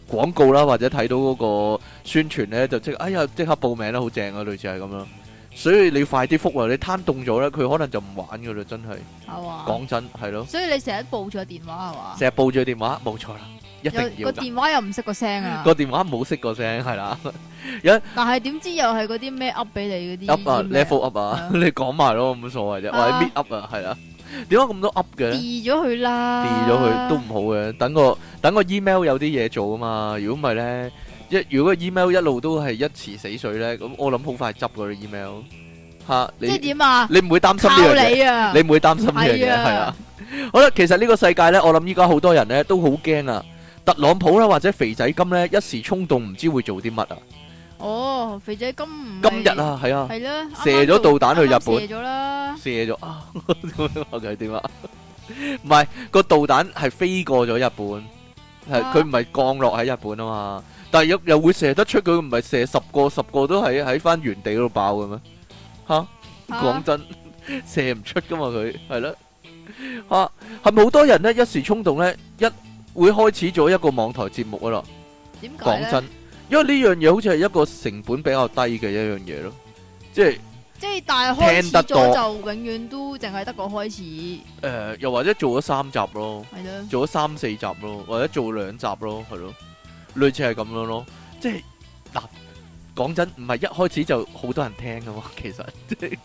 個廣告啦，或者睇到嗰個宣傳咧，就即係哎呀，即刻報名啦，好正啊，類似係咁樣。所以你快啲覆啊！你攤凍咗咧，佢可能就唔玩嘅啦，真係。係講、啊、真係咯。所以你成日報咗電話係嘛？成日報咗電話，冇錯啦。個電話又唔識個聲啊！個電話冇識個聲係啦，一但係點知又係嗰啲咩 up 俾你嗰啲？up 啊，你覆 up 啊，你講埋咯，冇乜所謂啫。或者 meet up 啊，係啦，點解咁多 up 嘅？delete 咗佢啦，delete 咗佢都唔好嘅。等個等個 email 有啲嘢做啊嘛。如果唔係咧，一如果 email 一路都係一池死水咧，咁我諗好快執嗰啲 email 吓。即係點啊？你唔會擔心呢樣嘢？你唔會擔心呢樣嘢係啊？好啦，其實呢個世界咧，我諗依家好多人咧都好驚啊！特朗普啦，或者肥仔金呢，一時衝動唔知會做啲乜啊？哦，肥仔金唔今日啊，係啊，射咗導彈去日本，射咗啦，射咗啊！我哋話佢點啊？唔係個導彈係飛過咗日本，係佢唔係降落喺日本啊嘛？但係又又會射得出，佢唔係射十個十個都係喺翻原地嗰度爆嘅咩？吓，講真，射唔出噶嘛佢係咯，吓，係咪好多人呢一時衝動呢一？會開始做一個網台節目噶啦，點講真，因為呢樣嘢好似係一個成本比較低嘅一樣嘢咯，即係即係大開始咗就永遠都淨係得個開始，誒，又或者做咗三集咯，係咯，做咗三四集咯，或者做兩集咯，係咯，類似係咁樣咯，即係，嗱講真唔係一開始就好多人聽噶嘛，其實。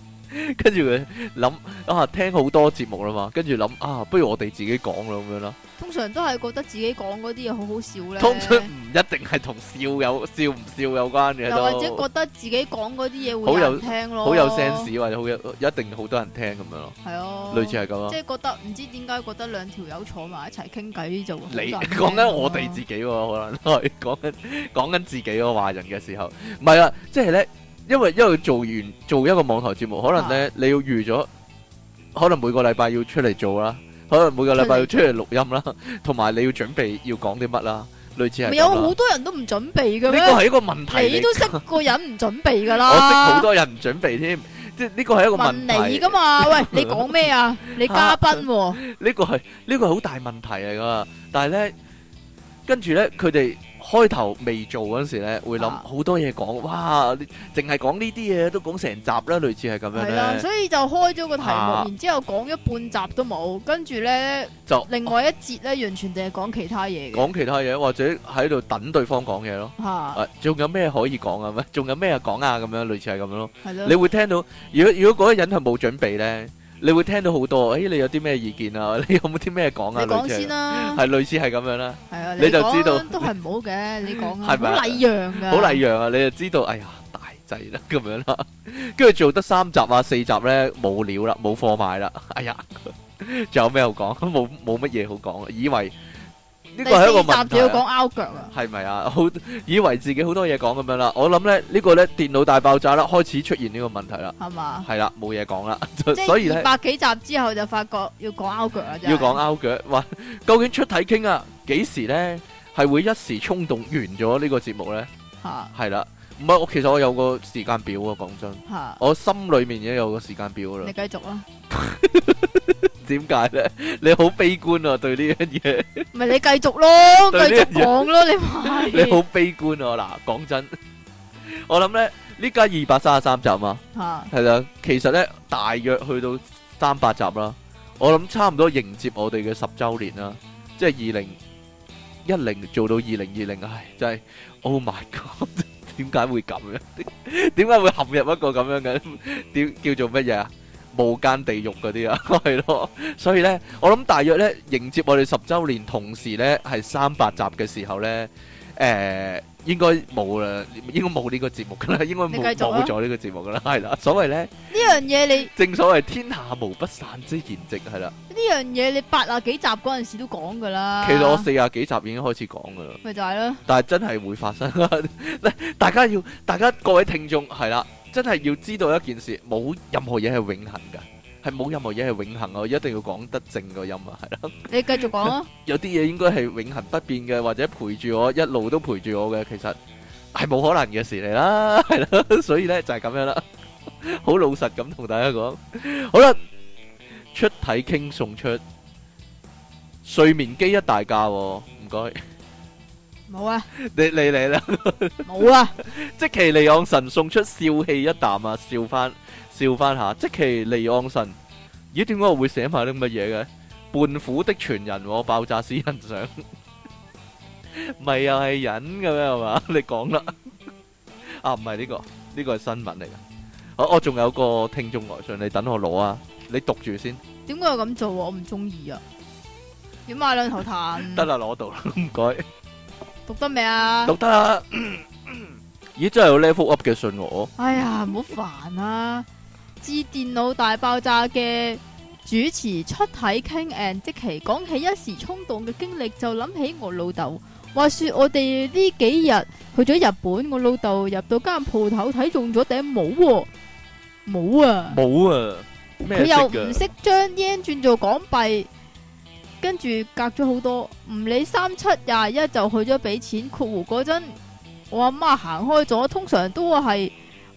跟住佢諗啊，聽好多節目啦嘛，跟住諗啊，不如我哋自己講啦咁樣咯。通常都係覺得自己講嗰啲嘢好好笑咧。通常唔一定係同笑有笑唔笑有關嘅。又或者覺得自己講嗰啲嘢會好聽咯，好有，有 sense 或者好有一定好多人聽咁樣咯。係啊，類似係咁啊。即係覺得唔知點解覺得兩條友坐埋一齊傾偈就你講緊我哋自己喎，可能係講緊講緊自己個話人嘅時候，唔係啊，即係咧。因為因為做完做一個網台節目，可能咧你要預咗，可能每個禮拜要出嚟做啦，可能每個禮拜要出嚟錄音啦，同埋你要準備要講啲乜啦，類似係。有好多人都唔準備嘅咩？呢個係一個問題嚟。你都識個人唔準備噶啦。我識好多人唔準備添，即係呢個係一個問你噶嘛？喂，你講咩啊？你嘉賓喎？呢個係呢個係好大問題嚟噶，但係咧，跟住咧佢哋。開頭未做嗰時咧，會諗好多嘢講，哇、啊！淨係講呢啲嘢都講成集啦，類似係咁樣係啦，所以就開咗個題目，啊、然之後講咗半集都冇，跟住咧就另外一節咧，啊、完全淨係講其他嘢。講其他嘢，或者喺度等對方講嘢咯。吓仲、啊、有咩可以講啊？咩？仲有咩講啊？咁樣類似係咁咯。係咯的。你會聽到，如果如果嗰個人係冇準備咧。你會聽到好多，誒、欸，你有啲咩意見啊？你有冇啲咩講啊？你講先啦，係類似係咁樣啦，係啊，你就知道都係唔好嘅，你講咪、啊？好禮讓嘅，好禮讓啊，你就知道，哎呀，大滯啦，咁樣啦、啊，跟 住做得三集啊四集咧，冇料啦，冇貨賣啦，哎呀，仲有咩好講？冇冇乜嘢好講，以為。呢個係一個問題、啊，要講拗腳啊！係咪啊？好以為自己好多嘢講咁樣啦，我諗咧呢、呢個咧電腦大爆炸啦，開始出現呢個問題啦。係嘛吧？係啦，冇嘢講啦。即是 所以二百幾集之後就發覺要講拗腳啊！要講拗腳，哇！究竟出體 king 啊？幾時咧係會一時衝動完咗呢個節目咧？嚇、啊！係啦。唔係，我其實我有個時間表啊。講真，我心裏面已經有個時間表啦。你繼續啊。點解咧？你好悲觀啊，對呢樣嘢。唔係你繼續咯，繼續講咯，你咪。你好悲觀啊！嗱，講真，我諗咧呢家二百三十三集啊，係啦，其實咧大約去到三百集啦。我諗差唔多迎接我哋嘅十周年啦，即係二零一零做到二零二零，唉，真係 Oh my God！點解會咁嘅？點 解會陷入一個咁樣嘅？點 叫做乜嘢啊？無間地獄嗰啲啊，係 咯是的。 所以咧，我諗大約咧迎接我哋十週年，同時咧係三百集嘅時候咧，誒、呃。應該冇啦，應該冇呢個節目噶啦，應該冇咗呢個節目噶啦，係啦。所謂咧呢樣嘢你正所謂天下無不散之筵席，係啦。呢樣嘢你八啊幾集嗰陣時都講噶啦。其實我四啊幾集已經開始講噶啦。咪就係咯。但係真係會發生啦， 大家要大家各位聽眾係啦，真係要知道一件事，冇任何嘢係永恆噶。係冇任何嘢係永恆哦，我一定要講得正個音啊，係啦。你繼續講咯。有啲嘢應該係永恆不變嘅，或者陪住我一路都陪住我嘅，其實係冇可能嘅事嚟啦，係啦。所以咧就係咁樣啦，好老實咁同大家講。好啦，出體 king 送出睡眠機一大架，唔該。冇啊！你你嚟啦，冇啊！積淇離岸神送出笑氣一啖啊，笑翻。笑翻下，積淇離岸神。咦？點解我會寫埋啲乜嘢嘅？半腐的傳人，我爆炸死人相，咪又係人咁樣係嘛？你講啦，啊唔係呢個，呢個係新聞嚟噶。我我仲有個聽眾來信，你等我攞啊，你讀住先。點解要咁做啊？我唔中意啊！點買兩頭痰？得啦，攞到啦，唔該。讀得未啊？讀得啦。咦，真係有 level up 嘅信喎！哎呀，唔好煩啊！致電腦大爆炸嘅主持出體 King，and 積淇，講起一時衝動嘅經歷，就諗起我老豆。話說我哋呢幾日去咗日本，我老豆入到間鋪頭睇中咗頂帽、啊，帽啊帽啊，佢又唔識將 yen 轉做港幣，跟住隔咗好多，唔理三七廿一就去咗俾錢括弧嗰陣，我阿媽行開咗，通常都係。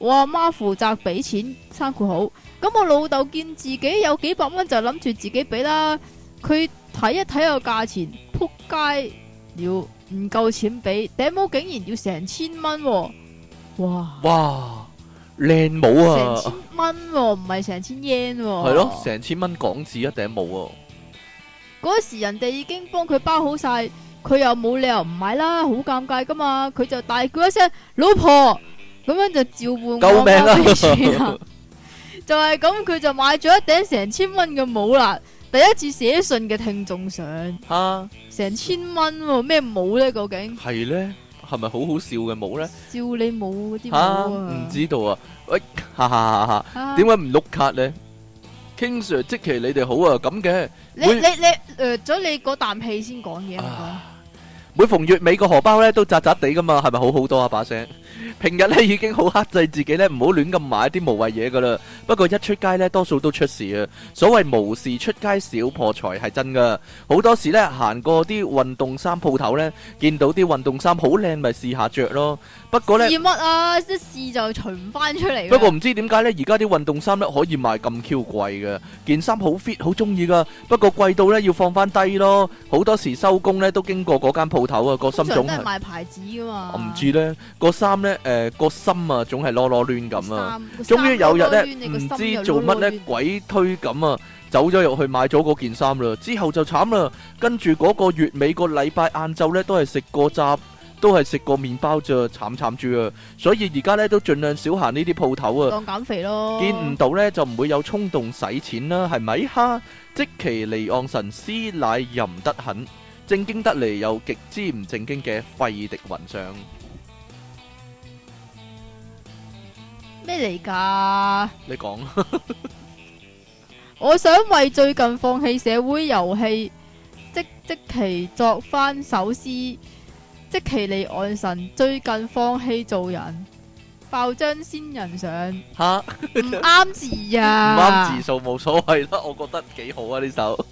我阿媽負責俾錢，生庫好。咁我老豆見自己有幾百蚊，就諗住自己俾啦。佢睇一睇個價錢，撲街要唔夠錢俾。頂帽竟然要成千蚊喎，哇！哇，靚帽啊！成千蚊喎，唔係成千 yen 喎。係咯，成千蚊港紙一頂帽啊！嗰時人哋已經幫佢包好晒，佢又冇理由唔買啦，好尷尬噶嘛。佢就大叫一聲：老婆！咁樣就召喚救命啦！就係咁，佢就買咗一頂成千蚊嘅帽啦。第一次寫信嘅聽眾上啊，成千蚊，咩帽咧？究竟係咧？係咪好好笑嘅帽咧？笑你帽嗰啲帽啊？唔知道啊！喂，哈哈哈！點解唔碌卡咧？King Sir，積淇你哋好啊！咁嘅，你你你誒，咗你嗰啖氣先講嘢唔該。每逢月尾個荷包咧都扎扎地噶嘛，係咪好好多啊把聲？平日咧已經好克制自己咧，唔好亂咁買啲無謂嘢噶啦。不過一出街咧，多數都出事啊。所謂無事出街少破財係真噶。好多時咧行過啲運動衫鋪頭咧，見到啲運動衫好靚，咪試下著咯。不過咧，試乜啊？一試就除唔翻出嚟。不過唔知點解咧，而家啲運動衫咧可以賣咁 Q 貴嘅，件衫好 fit，好中意噶。不過貴到咧要放翻低咯。好多時收工咧都經過嗰間鋪頭啊，個心總係賣牌子噶嘛。我唔知咧，個衫咧。誒、呃，個心啊，總係囉囉攣咁啊，終於有日呢，唔知做乜咧，囉囉鬼推咁啊，走咗入去買咗嗰件衫啦，之後就慘啦，跟住嗰個月尾個禮拜晏晝呢，都係食個雜，都係食個麵包啫，慘慘住啊，所以而家呢，都盡量少行呢啲鋪頭啊，當減肥咯，見唔到呢，就唔會有衝動使錢啦，啊，係咪哈？積淇離岸神師奶淫得很，正經得嚟又極之唔正經嘅廢敵云上。咩嚟㗎？你講說笑，我想為最近放棄社會遊戲，即即期作翻首詩，即期離岸神，最近放棄做人。爆張仙人相，吓，唔啱字啊？唔啱字數冇所謂啦，我覺得幾好啊呢首，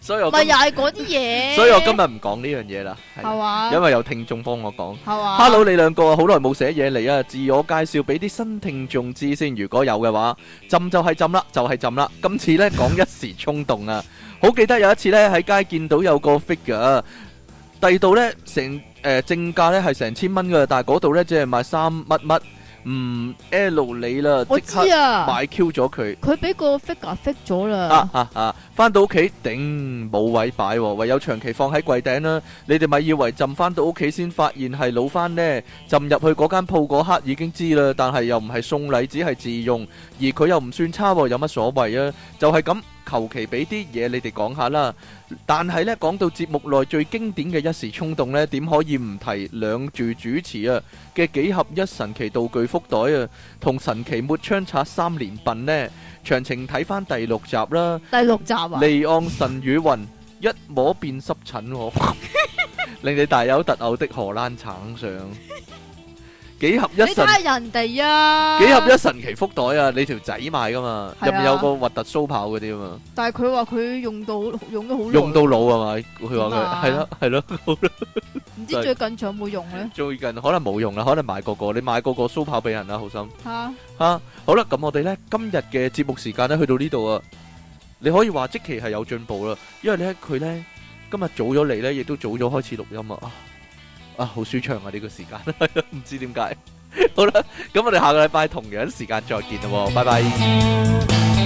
所以咪又係嗰啲嘢。所以我今日唔講呢樣嘢啦，係嘛？因為有聽眾幫我講，係嘛？Hello，你兩個好耐冇寫嘢嚟啊！自我介紹俾啲新聽眾知先，如果有嘅話，浸就係浸啦，就係浸啦。今次咧講一時衝動啊，好記得有一次咧喺街見到有個 figure，第二度咧成。誒，正價咧係成千蚊噶，但係嗰度咧只係賣三乜乜，唔 L 你啦，即刻啊買 Q 咗佢。佢俾個 fit 啊 fit 咗啦。啊啊啊！翻到屋企頂冇位擺，唯有長期放喺櫃頂啦。你哋咪以為浸翻到屋企先發現係老翻咧？浸入去嗰間鋪嗰刻已經知啦，但係又唔係送禮，只係自用，而佢又唔算差，有乜所謂啊？就係咁。求其俾啲嘢你哋講下啦，但係咧講到節目內最經典嘅一時衝動咧，點可以唔提兩住主持啊嘅幾合一神奇道具福袋啊，同神奇抹槍擦三連笨咧，詳情睇翻第六集啦。第六集啊！離岸神與雲，一摸變濕疹喎，令你大有特有的荷蘭橙相。幾合一神？你睇下人哋啊！幾合一神奇福袋啊！你條仔買噶嘛？入面有個核突蘇跑嗰啲啊嘛！但係佢話佢用到用咗好用到老係嘛？佢話佢係咯係咯，好啦。唔知最近仲有冇用咧？最近可能冇用啦，可能買個個你買個個蘇跑俾人啦，好心吓吓。好啦，咁我哋咧今日嘅節目時間咧去到呢度啊。你可以話即期係有進步啦，因為咧佢咧今日早咗嚟咧，亦都早咗開始錄音啊。啊，好舒暢啊！呢個時間，唔知點解。好啦，咁我哋下個禮拜同樣時間再見啦，拜拜。Bye bye